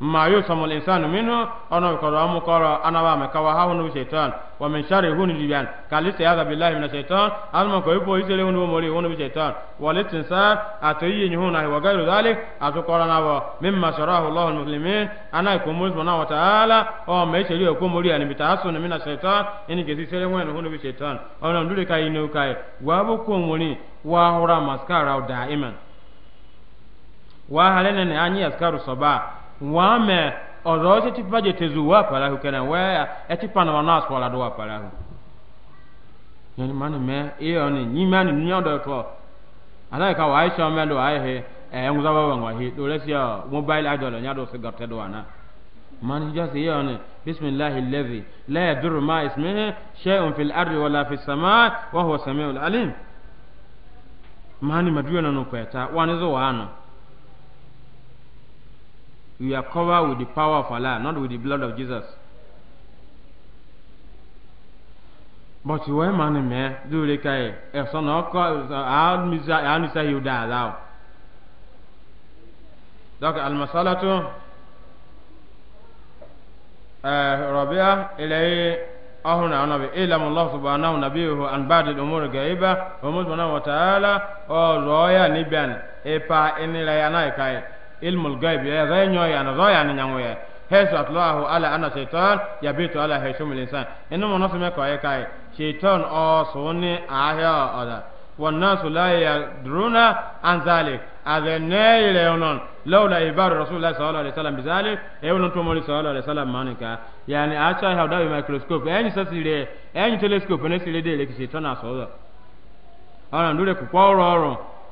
ma yusamu linsanu minhu ono koro amu koro anaba me kawa ha hunu shaitan wa min sharri hunu dibian kalisa ya billahi min shaitan alma ko ipo isele hunu mori hunu shaitan wa litinsa atoyi ni hunu wa gairu dhalik atukora nawo mimma sharahu allah almuslimin ana ko muri subhanahu wa ta'ala o me sheri ko muri ani bitasun min shaitan ini gezi sele hunu hunu shaitan ono ndure kai inu kai wa bo ko muri wa hura maskara daiman wa halene ne anyi askaru sabah wame ozo se ti baje tezu wa pala hu kana wa e ti pana wa nas wala do wa pala hu yani manu me e oni ni manu ni odo Ala yi ka wa aisha me do ai he e nguza ba wa he do lesi ya mobile idol nya do se gatte do ana man just e oni bismillah alladhi la yadur ma ismihi shay'un fil ardi wala fis samaa wa huwa samiul alim mani maduya na no kweta wanizo wa ano we are covered with the power of Allah, not with the blood of Jesus. But you were man, man, do the kai, if son of I'll miss you die now. Donc, Al-Masalatu, eh, Rabia, ilai est أهنا عن نبي إعلم الله سبحانه نبيه عن بعض الأمور الغائبة ومن سبحانه وتعالى أو رؤيا نبيان إبا إن لا ينايكاي ilmu al-ghaib ya zai nyo ya na zoya ni nyanwe ya hesu atlahu ala ana shaitan ya bitu ala heshumul insan inu mo nosu me ko ye kai shaitan o suni ahya oda والناس لا يدرون عن ذلك أذنى ليونون لولا إبار رسول الله صلى الله عليه وسلم بذلك يقولون تومولي صلى الله عليه وسلم مانكا يعني أشياء هذا بميكروسكوب أي سيري أي تلسكوب نسيري دي لكي شيطان أصوله أنا ندور كوكو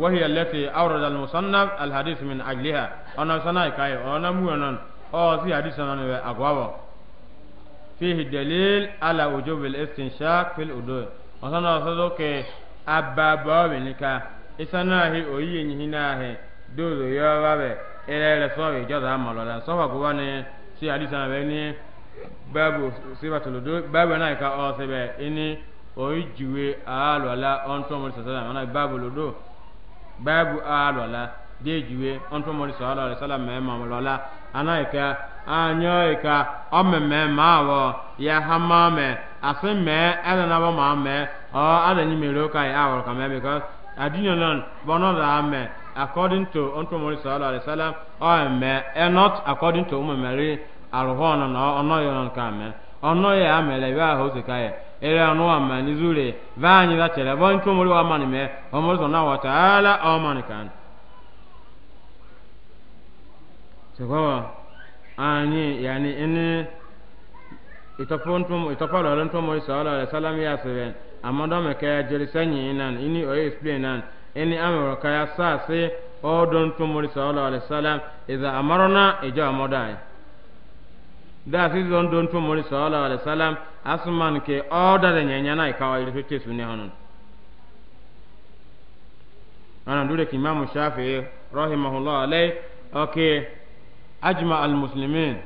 وهي التي أورد المصنف الحديث من أجلها أنا سناي كاي أنا مونن أو في حديث أنا أقوى فيه دليل على وجوب الاستنشاق في الأدوية أنا سنوك أبابا بنكا إسناهي أويين هناهي دوزو يوابا إلى رسول جزا مالا سوف أقواني في حديث أنا بني باب صفة الأدوية باب نايكا أو سبا إني أويجوي أالولا أنتم رسالة أنا باب الأدوية baabu a lɔla de juwe ɔntun mɔri sɔɔ lɔri sɔla mɛ lɔla ana yi ka a nyɔ yi ka ɔmɛ mɛ maa wɔ ya hama mɛ asi mɛ ɛna na bɔ maa mɛ ɔ ala nyi mi ro ka yi a wɔrɔ ka mɛ because adiɲɛ nɔn bɔnɔ la mɛ according to ɔntun mɔri sɔɔ lɔri sɔla ɔyɛ mɛ ɛ not according to ɔmɛ mɛri aluhɔn nɔn ɔnɔ yɔ nɔn ka mɛ ɔnɔ yɛ amɛ lɛ i b'a hɔ se ka yɛ ele anu ama ni zure vanyi da tele bon to muri wa mani me o na wa taala o kan se ani yani ini itafon to itafalo ran to mo sallallahu alaihi wasallam ya se amado me ka jeli sanyi nan ini o explain nan ini amero ka ya sa se o don to sala, sallallahu alaihi wasallam iza amarona ijo amodai da si zon don to sallallahu alaihi wasallam asman ke order da nyanya na ikawa ile to tesu ne honon ana dure ki imam shafi rahimahullah alai okay ajma al muslimin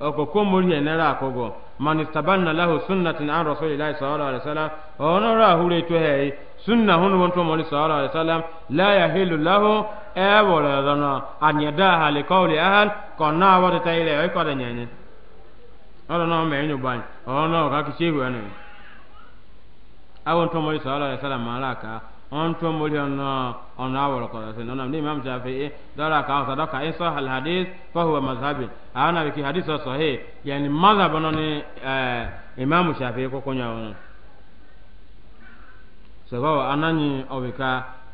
oko ko ne ra man istabanna lahu an rasulillahi sallallahu alaihi wasallam ono ra hure to he sunna hun won to sallallahu alaihi wasallam la yahilu ọlọ náà mẹ ẹnyọ báyìí ọlọ náà ọkà kìí ṣéwìí ẹnu àwọn tó mọlẹ sọlọ ẹsẹ làmà aláàká wọn tó mọlẹ ọnà ọnà àwòrán kọlọ sí nọnà ní imam ṣàfi ẹ dọlà kà ọsàdọ kà ẹ sọ alhadis fọwọ mazhabi àwọn náà kì hadis ọsọ hẹ yẹni mazhab náà ni ẹ imam ṣàfi kókó nyà wọn. sọfọ ananyi ọbìka.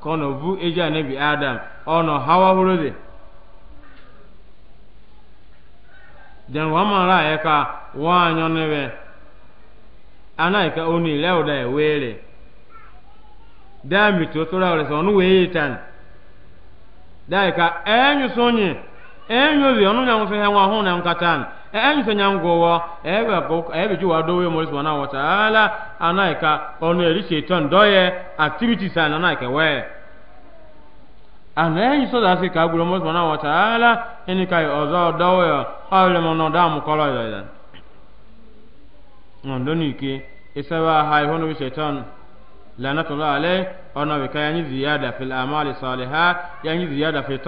kono vu eji anabi adam ono hawa hurode den wamara ya ka wanyo nebe ana ka oni lewo da wele da mi to tan ka nye. enyozi onu nyangu se hangwa hu na mkatan e, enyo se nyangu wo go ewe ju wa dowe mo subhana wa taala anaika onu eri ton doye activities an anaika we ana enyo so da se ka guro mo subhana wa taala eni kai ozo dowe mo no da mu kolo yo ya ngondo ni ke isaba hay alayhi ona ziyada fil amali salihah ziyada fi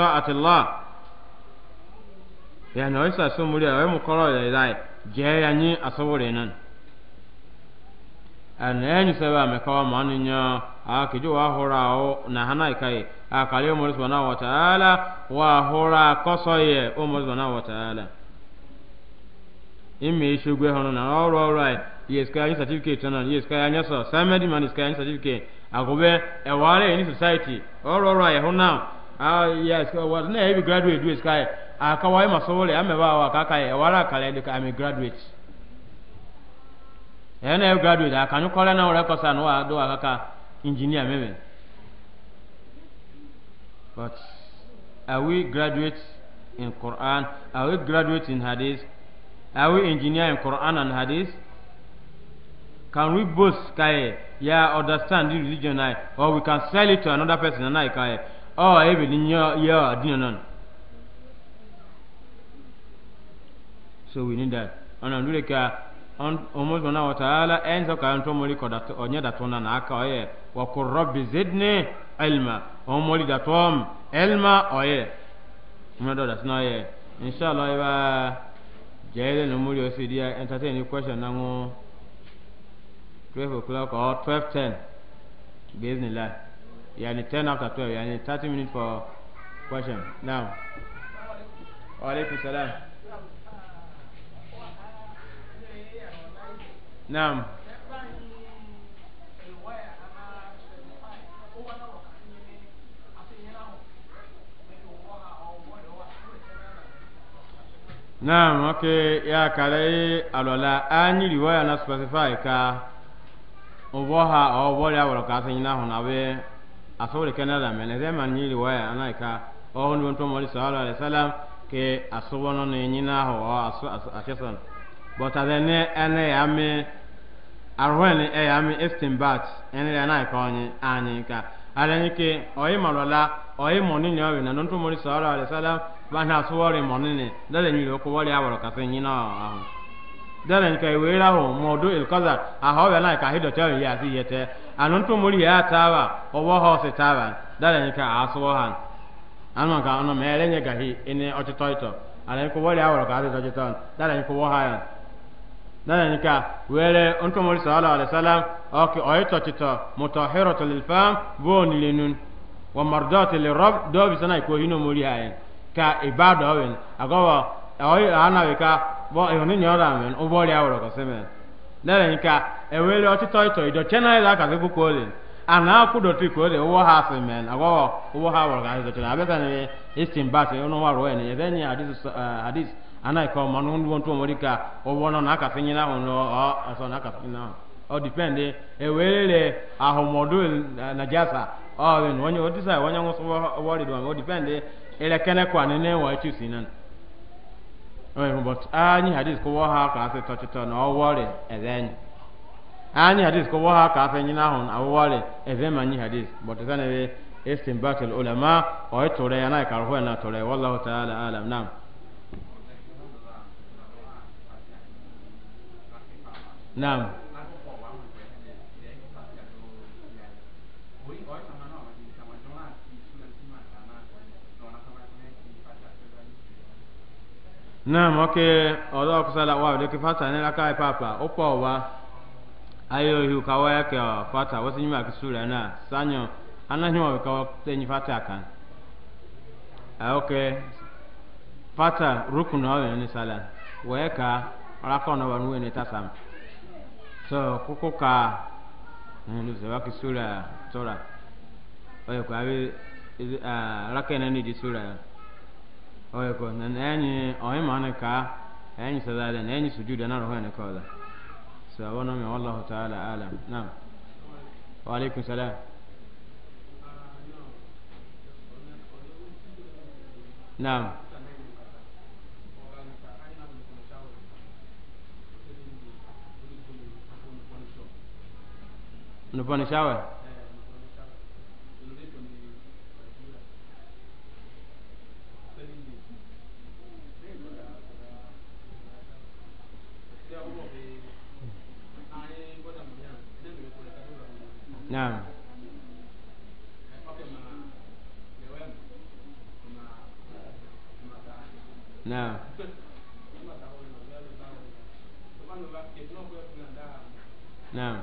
ya yani oisa sumuri awe mukoro ile ilai je yanyi asuburi nan an yani sebe amekawa mani nyo akiju wa hura o na hana ikai akali umuri subhanahu wa ta'ala wa hura koso ye umuri subhanahu wa ta'ala imi ishugwe hono na all all right yes ka yanyi certificate nan yes ka yanyi so samedi man is ka yanyi certificate agobe eware in society all all right hono ah yes what na every graduate do is kai akawai masowole amebawa kakaye wala kaledi ka ami graduate ene graduate akanyukola na ule kosa no ado kaka engineer meme but are we graduates in Quran are we graduates in Hadith are we engineer in Quran and Hadith can we boast kaye yeah understand the religion I or we can sell it to another person and I kaye oh even in your your dinner so we need that ana ndure ka omo subhanahu wa ta'ala enzo ka nto mori ko dat onye dat ona na aka oye wa qur rabbi zidni ilma omo mori dat om ilma oye mo do dat na oye inshallah iba jele no mori osi dia entertain ni question na ngo 12 o'clock or 12:10 bismillah yani 10 after 12 yani 30 minutes for question now wa alaikum salam نعم naam ok ya kare alola anyi riwaya na specify ka ubo ha o bo ya woro ka sin na hona be asore canada me ne zema ni riwaya ana ka o hon won to mo sallallahu alaihi wasallam ke asobono ne nyina ho aso akesan but adene ene ya arwen eyami istinbat ene ya nai konyi anyị ka ala ke oyi malola oyi monini owi na nuntu mori sawara salam bana suwari monini dale nyiri oku wari awaro kase nyina ahu dale nke iwe rahu modu Ala ka hido ya si yete anuntu ya nye gahi ene wari ha nana nika wele onto mori sallallahu alaihi wasallam oke oyito tito mutahhiratu lil fam boni linun wa mardati lir rabb do bi sana ko hino mori haye ka ibada wen agowa oy ana we ka bo e ni nyora men o bori awro ko seme nana nika ewele otito ito ido chena ila ka ku ko le ana ku do ti ko le wo ha se men agowa wo ha wor ga ido chena abeta ni istinbat ono wa ro en yedeni hadith uh, hadith ana ko manu ndu won to o wono na ka finyina na ka finyina o dipende e na jasa o wen wonyo otisa wonyo ngoso wori do o depende ele kene kwa ne ne wa but hadis ko wa ha ka se to to no wori e then hadis ko wa ha ka nyina hon a wori e then hadis but e naam. naam oke ọdọ ọkụsala wa ọdọ kifata ne laka ipapa ụpọ ọwa ayo ihu kawa ya ke fata wasu nyima kisu rẹ na sanyo anaghị ọwụ kawa tenyi fata kan oke fata rukun ọwụ ne sala wee ka ọrakọ na ọwa nuwe ne tasam so koko ka mundu se waki sura tora oyo ko abi rakene ni di sura oyo ko nan enyi oyi mane ka enyi sadale na enyi sujuda na roho ne kola so wono mi wallahu ta'ala alam na'am wa alaikum salam na'am nuponi shawe Naam. Naam. Naam.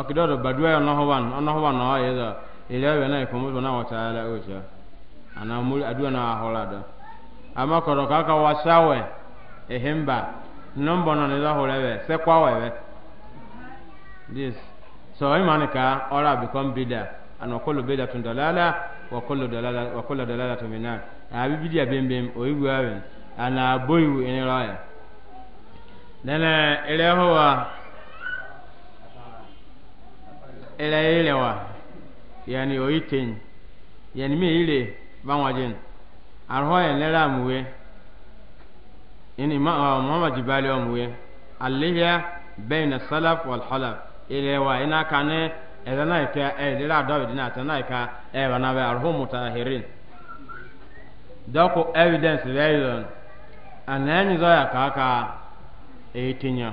akidodo badua ya onohoban onohoban no yezo ile we na ikomo bona wa taala oja ana muli adua na holada ama koro kaka wasawe ehemba nombo no ne holewe se kwa wewe this so imanika ora become bidda ana kullu biddatun dalala wa kullu dalala wa kullu dalalatun minar abibidi abembem oyibu awen ana boyu ene raya nene ile ele ile wa yani o yani me ile banwajen arho ya nera muwe ini ma ah, muhammad jibali muwe alihya bayna salaf wal halaf ile wa ina kane ele ike ke ele la david na ta na ka e na be arho mutahirin dako evidence very don anani zo ya kaka e tinya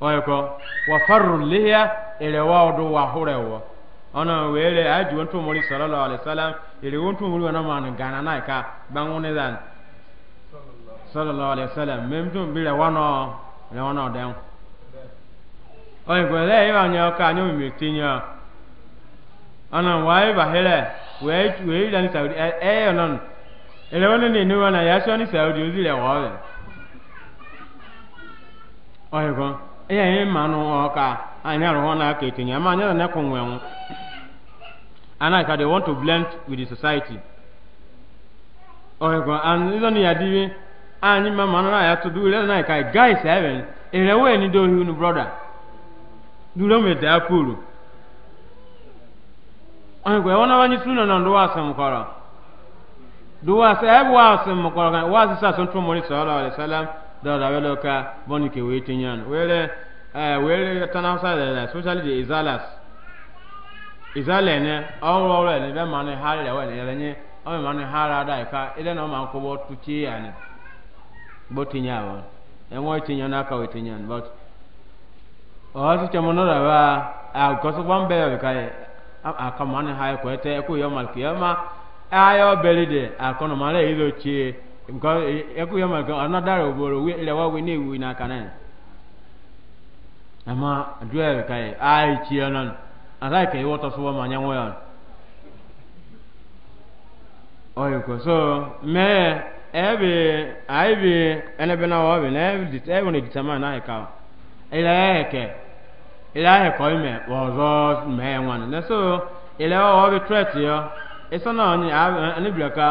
oyoko wa farru lihiya ere wa odu wa hurewo ona were aju wontu muri sallallahu alaihi wasallam ere wontu muri wana man gana na ka bangune dan sallallahu alaihi wasallam memtu bire wano ne wano den oyoko le iba nya ka nyu mi tinya ona wai ba hele we we dan saudi e, e onon ere wona ni ni wana ya so ni saudi ozile wa oyoko ihe mmanụ ọka anyị arụghọ na aka etinye Ma anyị na nekwu nwenwu anaghịkwa they want to blend with the society ọhịkwa and ịzọ ya dịrị anyị ma ma na ya tụdụ ire na ka guys heaven ere wee nido ohi unu brother duro me da puru ọhịkwa ẹwọn náà wáyé sunu nọ ndụwa asem kọrọ ndụwa asem ẹbụ asem kọrọ kan wọ́n asịsa asem tụmọrị sọ̀rọ̀ ọ̀rẹ́sálàm dɔda wɛlɛ ka bɔni ke wei tiɲan wɛlɛ ɛɛ eh, wɛlɛ tanafsa lɛ lɛ sosiali de izalas izalɛ nɛ ɔwlɔ wɛlɛ ni bɛ ma ni hali lɛ wɛlɛ yɛlɛ nye ɔmɛ ma ni hali ada yi ka ilɛ na ma ko bɔ tutsi yanni bɔ tiɲan wɔ ɛŋɔ tiɲan n'a ka wei tiɲan bɔt ɔsi tɛmɛ nɔ a gɔsɔgbɔn bɛɛ yɛ ka ye a ka ma ni hali kɔ ɛtɛ ɛkò ma ma bɛli de a kɔnɔ ma lɛ yi because eku yama oboro we ile wa we ne wi na kana ama duwe kai ai chianan ala kai ma ya oyo ko so me ebe ai bi ene na wa bi na ebe ne ditama na e, ka eke e, na so bi na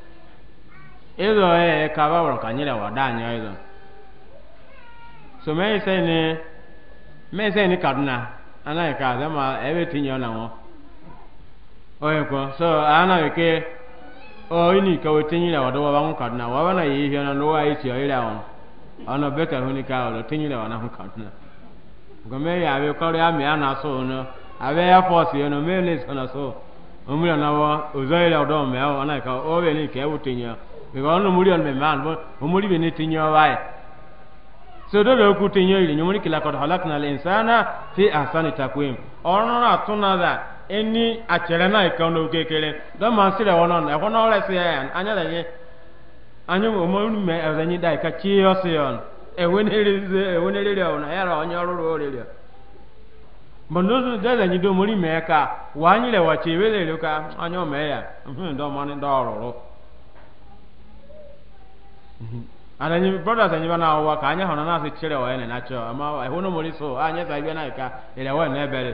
ịzọ ee eh, eh, ka ba wọrọ ka nyere wọ da so mee ise ni mee ni kaduna anaghị e ka azụ ma ebe tinye na nwọ oye so anaghị e ke o ini ka o tinye wọ wa banwụ kaduna wa bana yi na isi ọ ire ahụ ọnụ beka hụ ni ka ọ dọ tinye wọ kaduna gọmee ya abịa kọrọ ya mị a na ya fọsụ na mee na-eso na so na ọ e ka o ni ewu because no muri on me man bo muri be ne tinyo wai so do do ku tinyo nyumuri kila kod halakna al insana fi ahsani na tuna da eni achere na do ma sire wono na ya anya da ye anya mo mo me azanyi dai ka chi yo se on e wenere ze e ona ya onye ọrụ oriri mọ̀lọ́sùn Mm-hmm. ana nyi brothers anyi bana awa ka anya hono na se chere wa ene na cho ama ehono mori so anya sa gbe na ka ile wa na ebere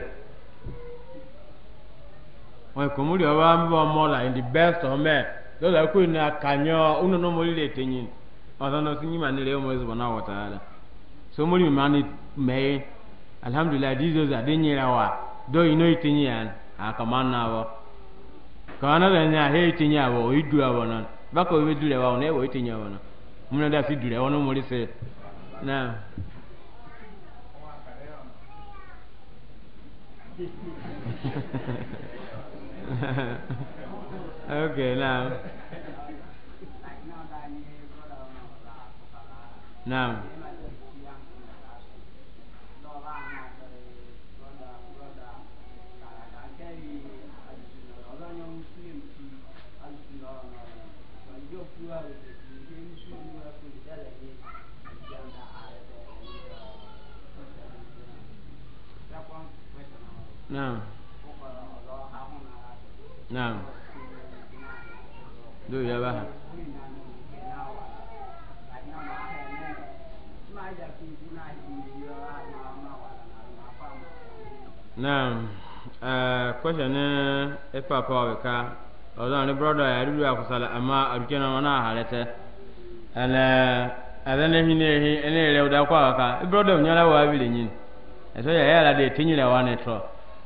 o ko muri wa mbo mola in the best of uh, me do la ku na kanyo uno no mori le tenyin ona no sinyi ma nile mo zuba na wa taala so mori mi mani me alhamdulillah dizo za dinyira wa do ino itinyan akamana wa na da nya he itinya wa idu wa non bako we dule wa ne wo itinya wa non mun da si dure wani muri se na okay now now Thank naam, naam, دو يا بها نعم question e papa wa ka ọdọ ni brọdọ ya ruru akwụsala ama aruke na mana ahalete ele ele na ehi na ehi ele ere ụda kwa ka brọdọ nyere wa abili nyin eso ya ya la de tinyere wa ne tro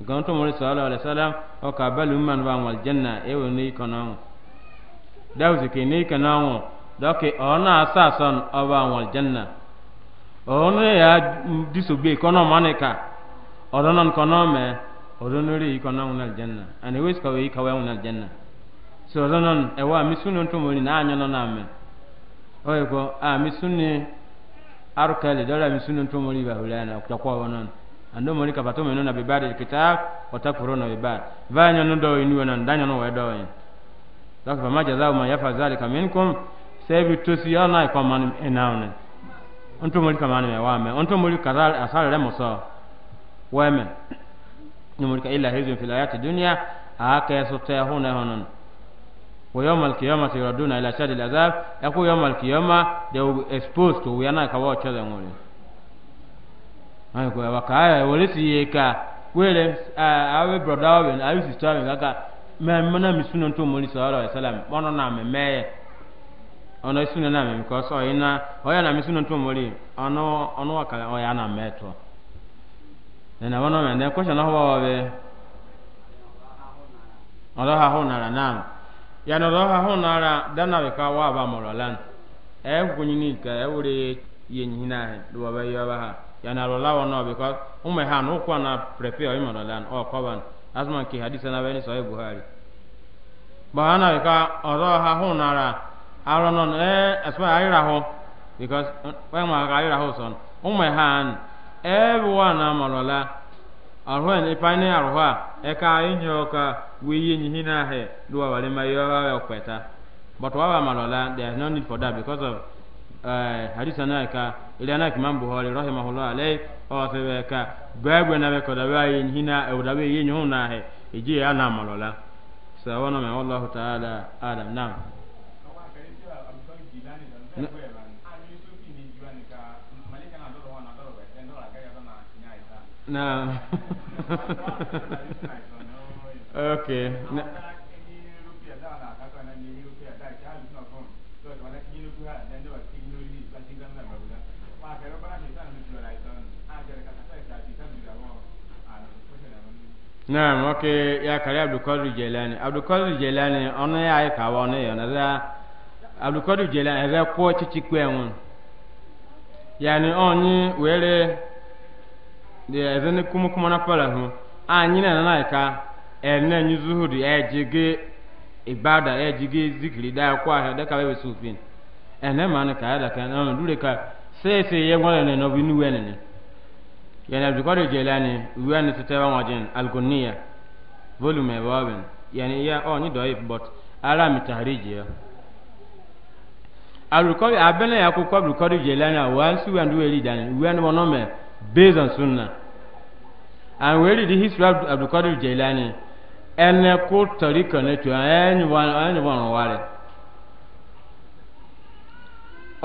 ganto mo sallallahu alaihi wasallam o ka balu man wa wal janna e woni kono dawzi ke ne kana wo doke ona sason o wa wal janna ya disobe kono odonon kono me odonori kono janna ani wes ka ka wa na anyo na me a misuni ando moni ka batomo no na be bari kitab wa takfuruna bi bari vanya no do inu na ndanya no wa do yin dak fa majaza ma yafa zalika minkum sebi to tosi yana ko man enawne onto moni ka man me wa me onto moni ka zal asal le musa wa me no moni ka illa hizun fil ayati dunya aka yasutaya huna honon wa yawm al qiyamati yuraduna ila shadil azab yaku yawmal qiyama they will expose to yana ka wa chodan ngolin wakaya wale si ka wele awe broda awe awe sista awe kaka mɛ mana mi sunu to mɔli sɔrɔ ala na mɛ na mɛ na na mi sunu na mɛ tɔ nana wɔnɔ ha ho nara naam na ɔlɔ ha nara dana bɛ e, ka e, na ha. yani alola wono because umme han ukwa na prepare imano lan o oh, koban asman ki hadisa na beni sahih buhari ba ana ka oro ha hunara aronon e eh, asma ayira ho because eh, when ma ka ayira ho son umme han everyone amalola arwen ipani arwa e ka inyoka wiyi nyihina he duwa wale mayo ya kweta but wawa amalola there is no need for that because of Eh, hadisa na ka ile na kiman buhari rahimahullah alai o fe be ka gbagbe na be ko da wa yin hina e da we yin hun na he iji ya na malola sa wona me wallahu ta'ala alam nam okay naam ok ya kari abdulkadir jelani abdulkadir jelani ọnụ ya anyị kawa ọnụ ya ọnụ abdulkadir jelani ẹzẹ kwọ chichi kwe nwụ yani ọnyị were de ẹzẹ ni kumukumu na pala hụ anyi na nana ka ẹnna nyi zuhudi ẹji e gị ibada ẹji e gị zikiri da kwọ ahịa dịka bebe sufin ẹnna ma ni ka ya daka ẹnna dure ka sese ya nwere na ọbụ inu wẹ nene yani abdulkadir jelani wiyani tutewa wajen algoniya volume wawin yani iya o ni doif but ara mi tahriji ya abdulkadir abena ya kuka abdulkadir jelani awan si wiyan duwe lidani wiyan wano me based on sunna and we read the history of abdulkadir jelani ene ko tarika ne to ene wan ene wan wale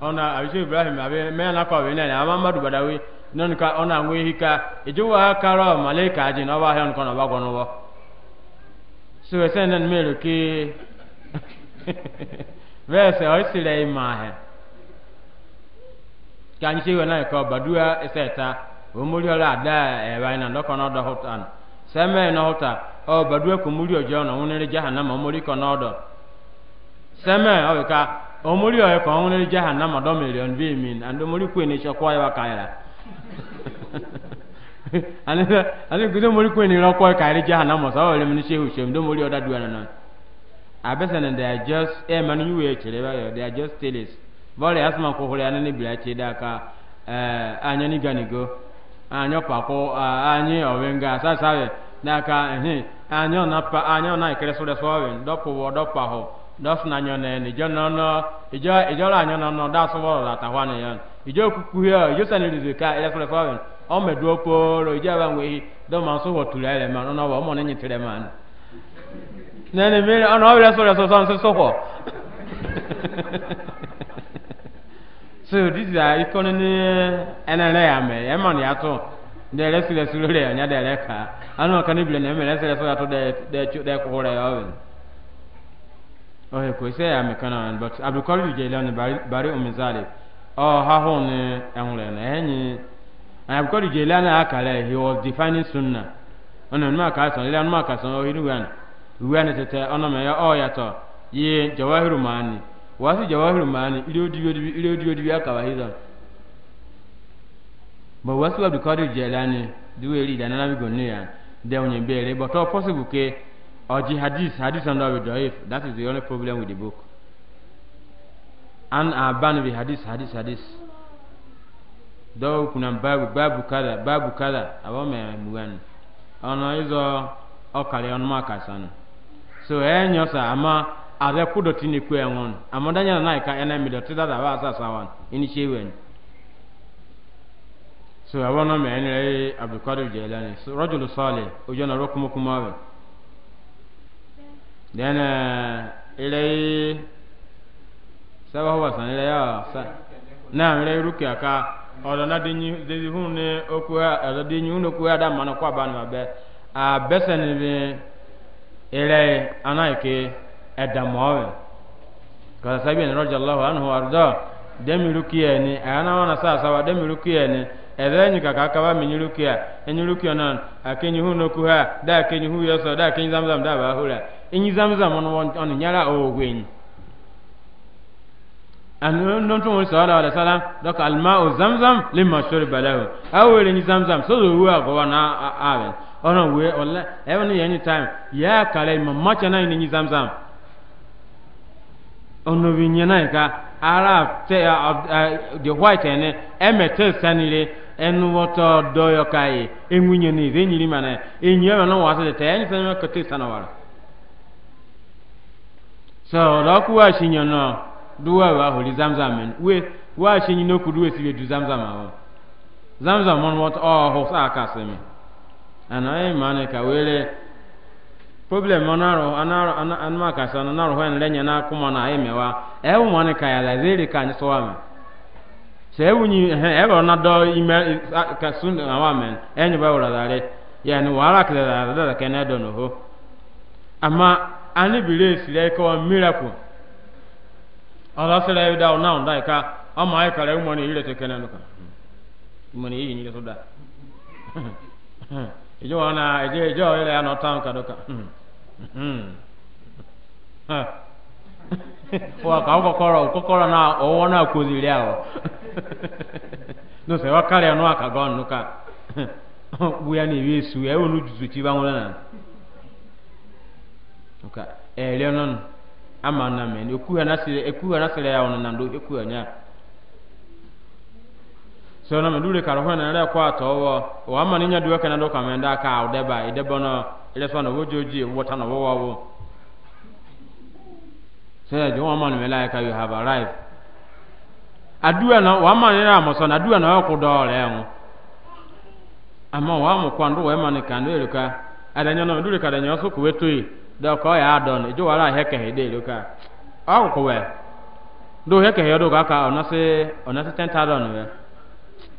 ona abishe ibrahim abe na ko be nene ama madu badawi non ka ona ngwe hika ijuwa karo malaika ajin oba he on kono bago so esen nen melo ki vese o sile ima he kan chi wona ko badua eseta o muri ola e wa ina ndoko no do hotan seme no hota o badua ko muri ojo no wonere o muri ko no do seme omuri oyo ko onwere jahannama do million be mean and omuri kwene chokwa ya kaira ani ani gudo omuri kwene ro kwa kaira jahannama so ole mini shehu shem do omuri oda duana non abesa and they are just eh manu you we chere ba they are just stealers bole asma ko hore ani ni bla che da ka eh anya ni ganigo anya pako anya owenga sasa we na ka eh, eh, anya na pa anya na ikere so de so we do po do dɔsna nyɔnɛ ni jɔn nɔnɔ ijɔ ijɔ la nyɔnɔ da sɔbɔ la ta hɔ sani ka ɛlɛ fɔlɔ fɔlɔ ɔmɛ duro pooro ijɔ bɛ ŋwe dɔ ma so wɔ tulu ma nɔnɔ ɔmɔ ma nɛni mi ɔnɔ sɔrɔ sɔsɔ so ikɔni ni ni ɛlɛ yɛ ɛlɛ ka anu ɛlɛ oye ko ise ya mekana but abdulkadir jelani bari, bari umizali oh ha ho ne na enyi abdulkadir jelani akala he was defining sunna ona numa ka san ile numa ka ohiru wan wan tete ona me ya oh ya to ye jawahiru mani wasi jawahiru mani ile odi odi ile odi hizo but wasu abdulkadir jelani duwe ri da na bi ya de onye or the hadith hadith on the doif that is the only problem with the book an aban bi hadith hadith hadith dɔw kuna babu babu kada babu kada awɔ mɛ mugan ɔnɔ izɔ ɔkari ɔnuma kasan so ɛɛ nyɔ sa ama azɛ ku dɔ ti ne ku ɛŋɔn amada nyɛ nana yi ka ɛnɛ mi dɔ ti da da ba asa sawan ɛni tse wɛn so awɔ nɔ mɛ ɛni rɛ ye abdulkadir jɛlani so rɔjulu sɔɔli ojú ɔnà rɔ kumokuma wɛ. then uh, ilai saba huwa san ilai sa na ilai ruki aka ọdọ na dinyi dezi hun ne oku ọdọ dinyi hun oku ada mana kwa ba na be a bese ni bi ilai anaike edamowe kasa sabi ne rojallahu anhu arda demi ruki ni ana wana sa sawa demi ruki ni ezenyi kaka akaba menyirukia enyirukia nan akenyi hu noku ha da akenyi hu yoso da akenyi zamzam da bahura enyi zamzam on on nyara ogwen anu non tumu sallallahu alaihi wasallam dok alma'u zamzam limma shuriba lahu awele enyi zamzam so zo huwa go na aben ona we olla even any time ya kale mamma chana enyi zamzam ono bi nyana ka ara te uh, uh, the white ene emete sanile en woto doyo kai enwunye ni ze nyiri mane enyi ama no wase de tayi e se no kote sana wara so lo ku wa shinyo no duwa wa holi zamzam men we wa shinyi no ku duwe du zamzam awo zamzam mon wot o ho sa ka me ana e mane ka wele problem anaro anma naro na kuma na e mewa e wo mane ka ya la ka ni so wa me sɛ ewunyi ɛhɛn ɛbɛ na dɔ ime ka sun awa mɛn ɛnyɛ bɛ wura dare yɛni wàhálà kele dare dare kɛ n'ɛdɔ no ho ama ani bi reesi lɛ kɔ miraku ɔlɔsɛlɛ yi da yi ka ɔma ayi kala mɔni kɛnɛ kan mɔni yi so da na kan. wa ka ụkọkọrọ na ọwụwa na akụziri ahụ ka wa karịa nụ aka gọọ nnụ ka bụ ya na-ewe esu ya ewu n'ujuzu chi ba nwụrụ na ka ere ama na men ekwu ha nasịrị ha nasịrị ya na ndụ ekwu ha na mẹdúró kàrọ fún ẹnìyàrá ẹkọ àtọwọ wàá mà níyàdúró kẹnẹdọ said woman malaika you have arrived adua na wama ni na moso na adua na yoku dole en ama wa mu ndụ we man kan do eluka adanyo no dule kada nyoso ku wetui do ko ya adon ijo wala heke hede eluka awu ko we do heke hedo ka ka onase onase tenta don we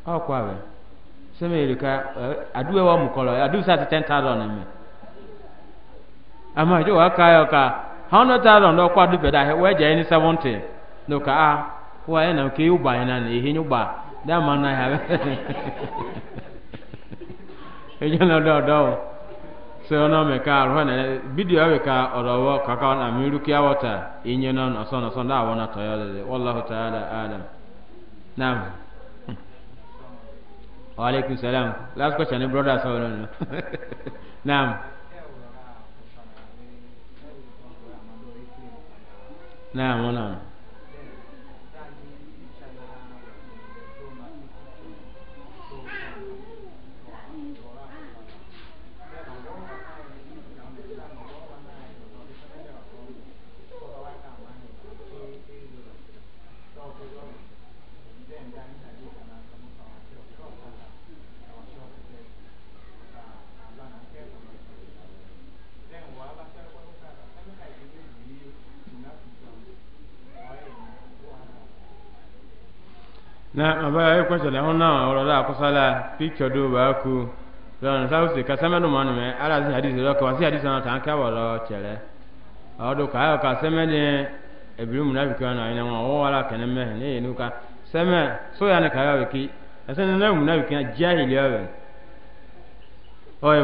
awu kwa we seme eluka eh, adua wa mu kolo adua sa tenta don me ama ijo wa ka yo ka hundred dɔ kɔ dupɛ da ni ka a wa ya na ke yuba yɛ na ne ehi yuba da ma na a bɛ eyi na dɔ dɔ so ɔnɔ mi ka ɔrɔ na bidiyo awɛ ka ɔrɔ wɔ kaka na mi rukia wɔta enye na na awɔ na tɔyɔ ta ala ala نعم، na abaya yi kwasa da hun na wala da kusala picture do ba ku don sa usi ka sema no manu me ala si hadisi do ka wasi hadisi na tan ka wala chere odo ka ka sema ni e, na bi kwa na ina me ka seme so ya ne ka ya wiki asa na mu na bi jahili ya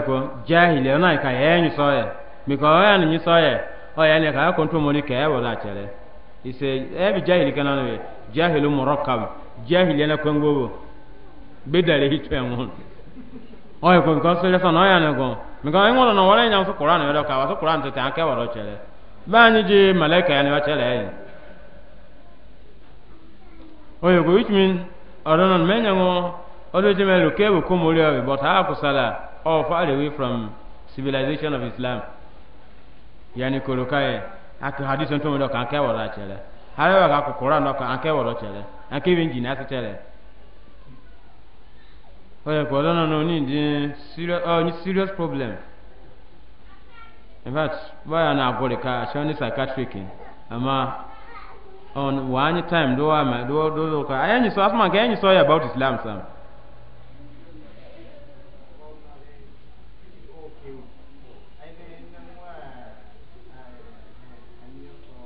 ko jahili na ka ya ya mi ko ya ni so ya ne ka mo ni ka ya ise e bi jahili kana jahiliya na kwen gobo be dare hitu ya mun oye a nkan sere sana oya ne gon nkan yin na wala su qur'an yodo ka wasu qur'an tete an kewa do chere ba malaika ya ne wa chere ya oye ko which mean odonon menya ngo odo je melu kebo ko mori but ha ku all oh, far away from civilization of islam yani kolokaye ak hadith on to mo do kan harewa ka kukura nọ ka anke wọrọ chere anke bi njin asị chere oye ko ọdọ nọ n'oni dị serious oh, ọ serious problem in fact baya na agwọrị ka achọ ndị psychiatric ama on wa anyị time do wa ma do do do ka anyị sọ asụma nke anyị sọ ya about islam sam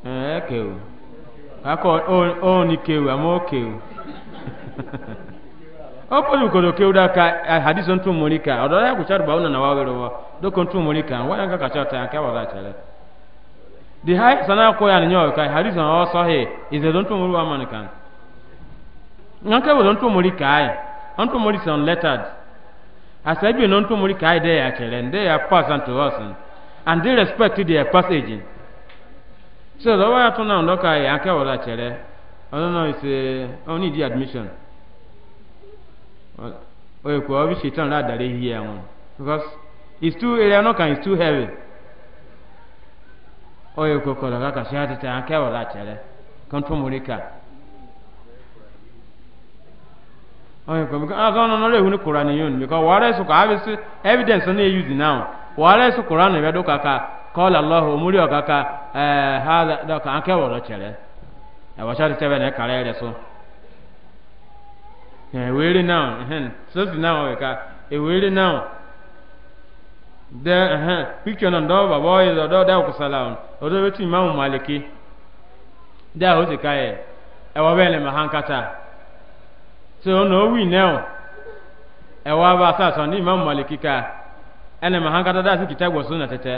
ee eh, kewu akọ oni kewu ama o kewu o kpọli ukodo kewu da ka hadiso ntu mori ọ ọdọ ya kucha ụnọ na wa wero wa doko ntu mori ka wa yanka kacha ta ka wala chale di hai sana ko ya nyo ka hadiso na ọsọ he ize don tu mori wa man kan nka wo don tu mori ka ai on tu mori son lettered asabi non tu mori ka ai de ya chale nde ya pass and to and they respect so the way to now look I ake wala chere I don't know it's uh, only the admission oye ko obi dare here because too area no can too heavy oye ko ko la ka shati ta ake wala chere kan to murika oye ko because azon no le Quran because what evidence no use now what else Quran we do kaka kọ́ọ̀lá lọ́hùn omúrí ọ̀kàkà ẹ̀ẹ́ ha dọ̀kà akẹ́wọ̀ lọ́kyẹ̀rẹ́ ẹ̀wọ̀ṣẹ́ tẹ́tẹ́ bẹ́ẹ̀ nẹ́kàrẹ́ rẹ̀ so ewéèrè náà ẹ̀hẹ́n sọ́sì náà ọ̀kà ewéèrè náà dẹ́ ẹ̀hẹ́n píkṣọ̀ náà dọ́ bàbá ọ̀yẹ́ lọ́dọ́ dẹ́ òkùsàlà ọ̀dọ́ bẹ́ẹ̀ tì máa wù màlìkì dẹ́ àwọn sì ká yẹ ẹ̀wọ̀ bẹ́ẹ̀ lẹ́mọ̀ hankata so ọ̀nà owì náà maliki abá sàtọ̀ hankata dá sí kìtẹ́gbọ̀sọ́ nà tẹ́tẹ́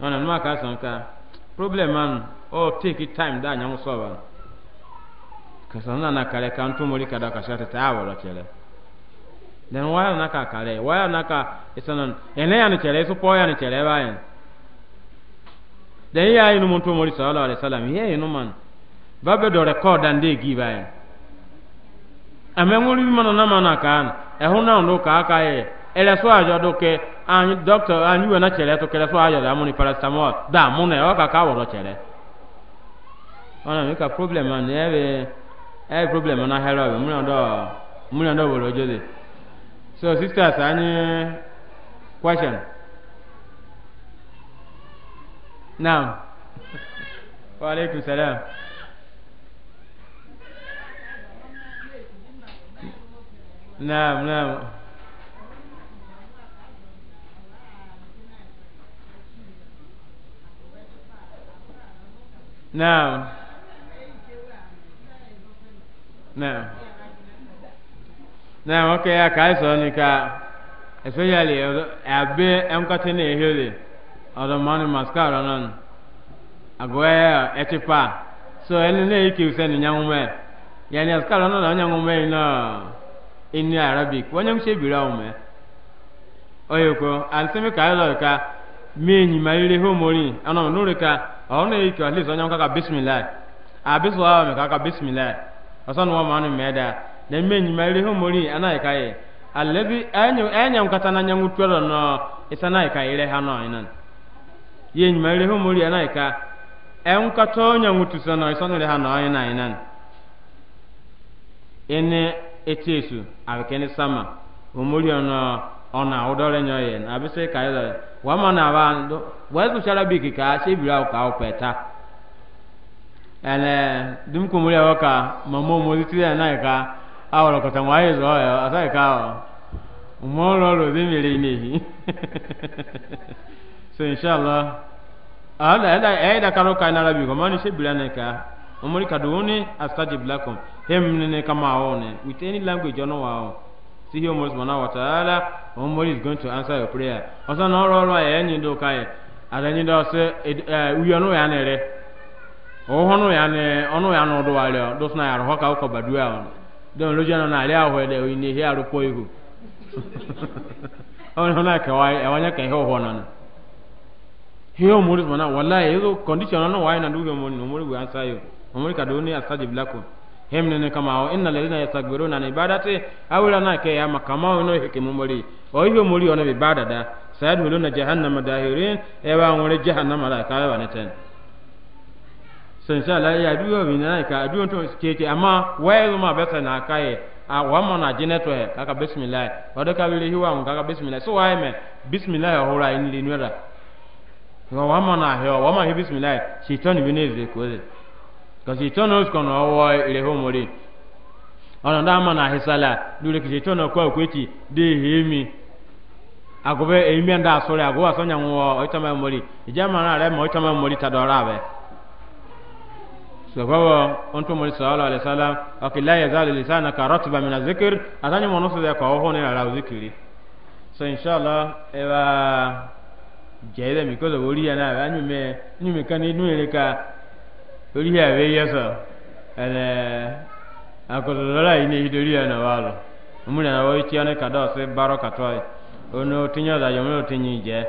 ɔna nu aka sɔn ka problem anu ɔ teki time da anyamu sɔba kasan nana kare ka tó ka kada kasi ati taa wɔlɔ tiɛlɛ dɛn waya nana ka kare waya nana ka isanan ɛnɛ yanu tiɛlɛ esu pɔ yanu tiɛlɛ ɛba yɛn dɛn iya yi numu tó mori sɔlɔ alayi salam iye yi numu anu ba bɛ dɔ record dan de gi ba yɛn amɛ ŋun bi mana na kan ɛhun naa ŋun do kaa ka ele so ajo doke anyi doctor anyi wona chele to kele so ajo da muni paracetamol da muni o ka ka woro chele ona mi ka problem an ebe e problem na hero be muni ndo muni ndo woro jode so sisters anyi question now wa alaikum salam نعم نعم Naam. Naam. Naam okay ya kai uh, so ni ka especially abe na ehele tin e hele odo man ya non agwe etipa so en ne ki usen ni nyamu me na mascara non na nyamu me na in arabic wonyam she bira ume oyoko ansemi ka lo ka me nyi ma ile ho mori ana no ka ona yi ka least onyon kaka bismillah a bisu awa me kaka bismillah asan ka manu meda ne me nyi mari mori e na nyangu twelo no ka ha no inan ye nyi mari mori ana ka en kato ha no inan ene etesu abekene sama omori ona udole nyoye na bise ka ile na ba do wezu sharabiki ka shibira ka opeta ele dum kumuri oka mamo moliti na ka awolo ko tan waye zo ya asai ka o mo lo lo bi mere ni so inshallah ala ala aida karo ka na rabi ko mani shibira na ka umuri kaduni astajib lakum ne kama awone with any language ono wao sihi omori subhanahu wa ta'ala omori is going to answer your prayer ọsọ na ọrụ ọrụ a ya enyi ndo ka ya ada enyi ndo sị uyo nụ ya na ọhụ nụ ya nere ọnụ ya nụ ọdụwarị ọ na ya arụhọ ka ụkọ badu ya ọnụ dọm lójú ẹnu náà ehi àrùpọ̀ ihu ọ̀nà náà kẹwàá ẹ̀wọ̀n yẹn kẹ̀hẹ́ ọ̀họ̀ náà hiyo omori subhanahu wa ta'ala wọláyé ẹ̀rọ kọ̀ndíṣọ̀n náà wáyé náà dúró omori omori wẹ̀ ansa omori kàdé hemne ne kama o inna ladina yastakbiruna an ibadati awla na ke ya makama no heke mumuri o yo muri ona ibada da sayad huluna jahannama dahirin e wa ngore jahannama la ka wa neten so inshallah ya duyo mi na ka duyo to keke ama wayo ma beta na kai a wa mo na jineto he kaka bismillah wa do ka wili hiwa kaka bismillah so wa me bismillah ho ra in linwera wa wa na he wa he bismillah shitani binezi ko kasi tono kono wo ile homori ona da mana hisala dure kisi tono kwa kweti de hemi agobe emi anda asore ago asonya nwo oitama mori ijama na re mo oitama mori tadora be sababu onto mori sallallahu alaihi wasallam akilla yazalu lisanaka ratba min azikr atanya monoso de ko ho ne ala zikiri so inshallah ewa jere mi ko do wori yana anyume nyume kan inu ere ka torí ẹ̀rẹ́ yẹ sọ ẹ̀rẹ́ akọ̀tọ̀lọ́lá yìí ní ìdórí ẹ̀ nà wà lọ múlẹ̀ náà wọ́n ti ọ́nà kàdá ọ̀sẹ̀ bárọ̀ kàtọ́ ẹ̀ ọ̀nà òtínyẹ̀ ọ̀dà yẹn múlẹ̀ òtínyẹ̀ jẹ́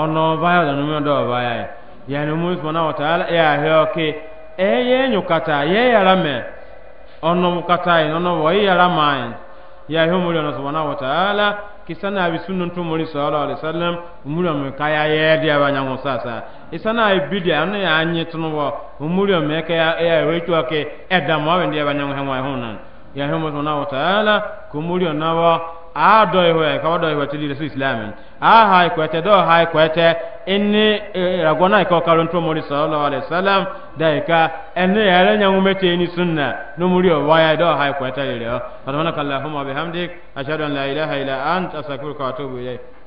ọ̀nà báyọ̀ ọ̀dà númẹ̀ ọ̀dọ̀ báyà ẹ̀ yẹn mú sọ̀nà wọ̀tá ẹ̀ àhẹ́ ọ̀kẹ́ ẹ̀ yẹ nyùkàtà yẹ yàrá mẹ́ ọ̀nà kàtà yìí ọ̀nà wọ̀ yẹ yàrá mọ́ ẹ̀ yà ihe múlẹ̀ ọ̀nà sọ̀nà wọ̀tá ẹ̀lá kìsánà àbísúnnù tó múlẹ̀ sọ̀rọ̀ ọ̀lẹ́sálẹ̀m múlẹ̀ mú káyà yẹ́ díẹ̀ bá nyàmú sàásà isana ibidi anu ya anyi tunu wa umuri omeke ya ya wetu ake edamu awe ndiye banyangu hemwa ehuna ya hemwa subhanahu wa ta'ala kumuri onawa ado ihwe ka wado ihwe tili resu islami a ha ikwete do ha ikwete inni e, ragona iko kalon to muri sallallahu alaihi wasallam daika enne yare nyangu mete ni sunna no muri o waya do ha ikwete lele subhanakallahumma bihamdik ashhadu an la ilaha illa ant astaghfiruka wa atubu ilayk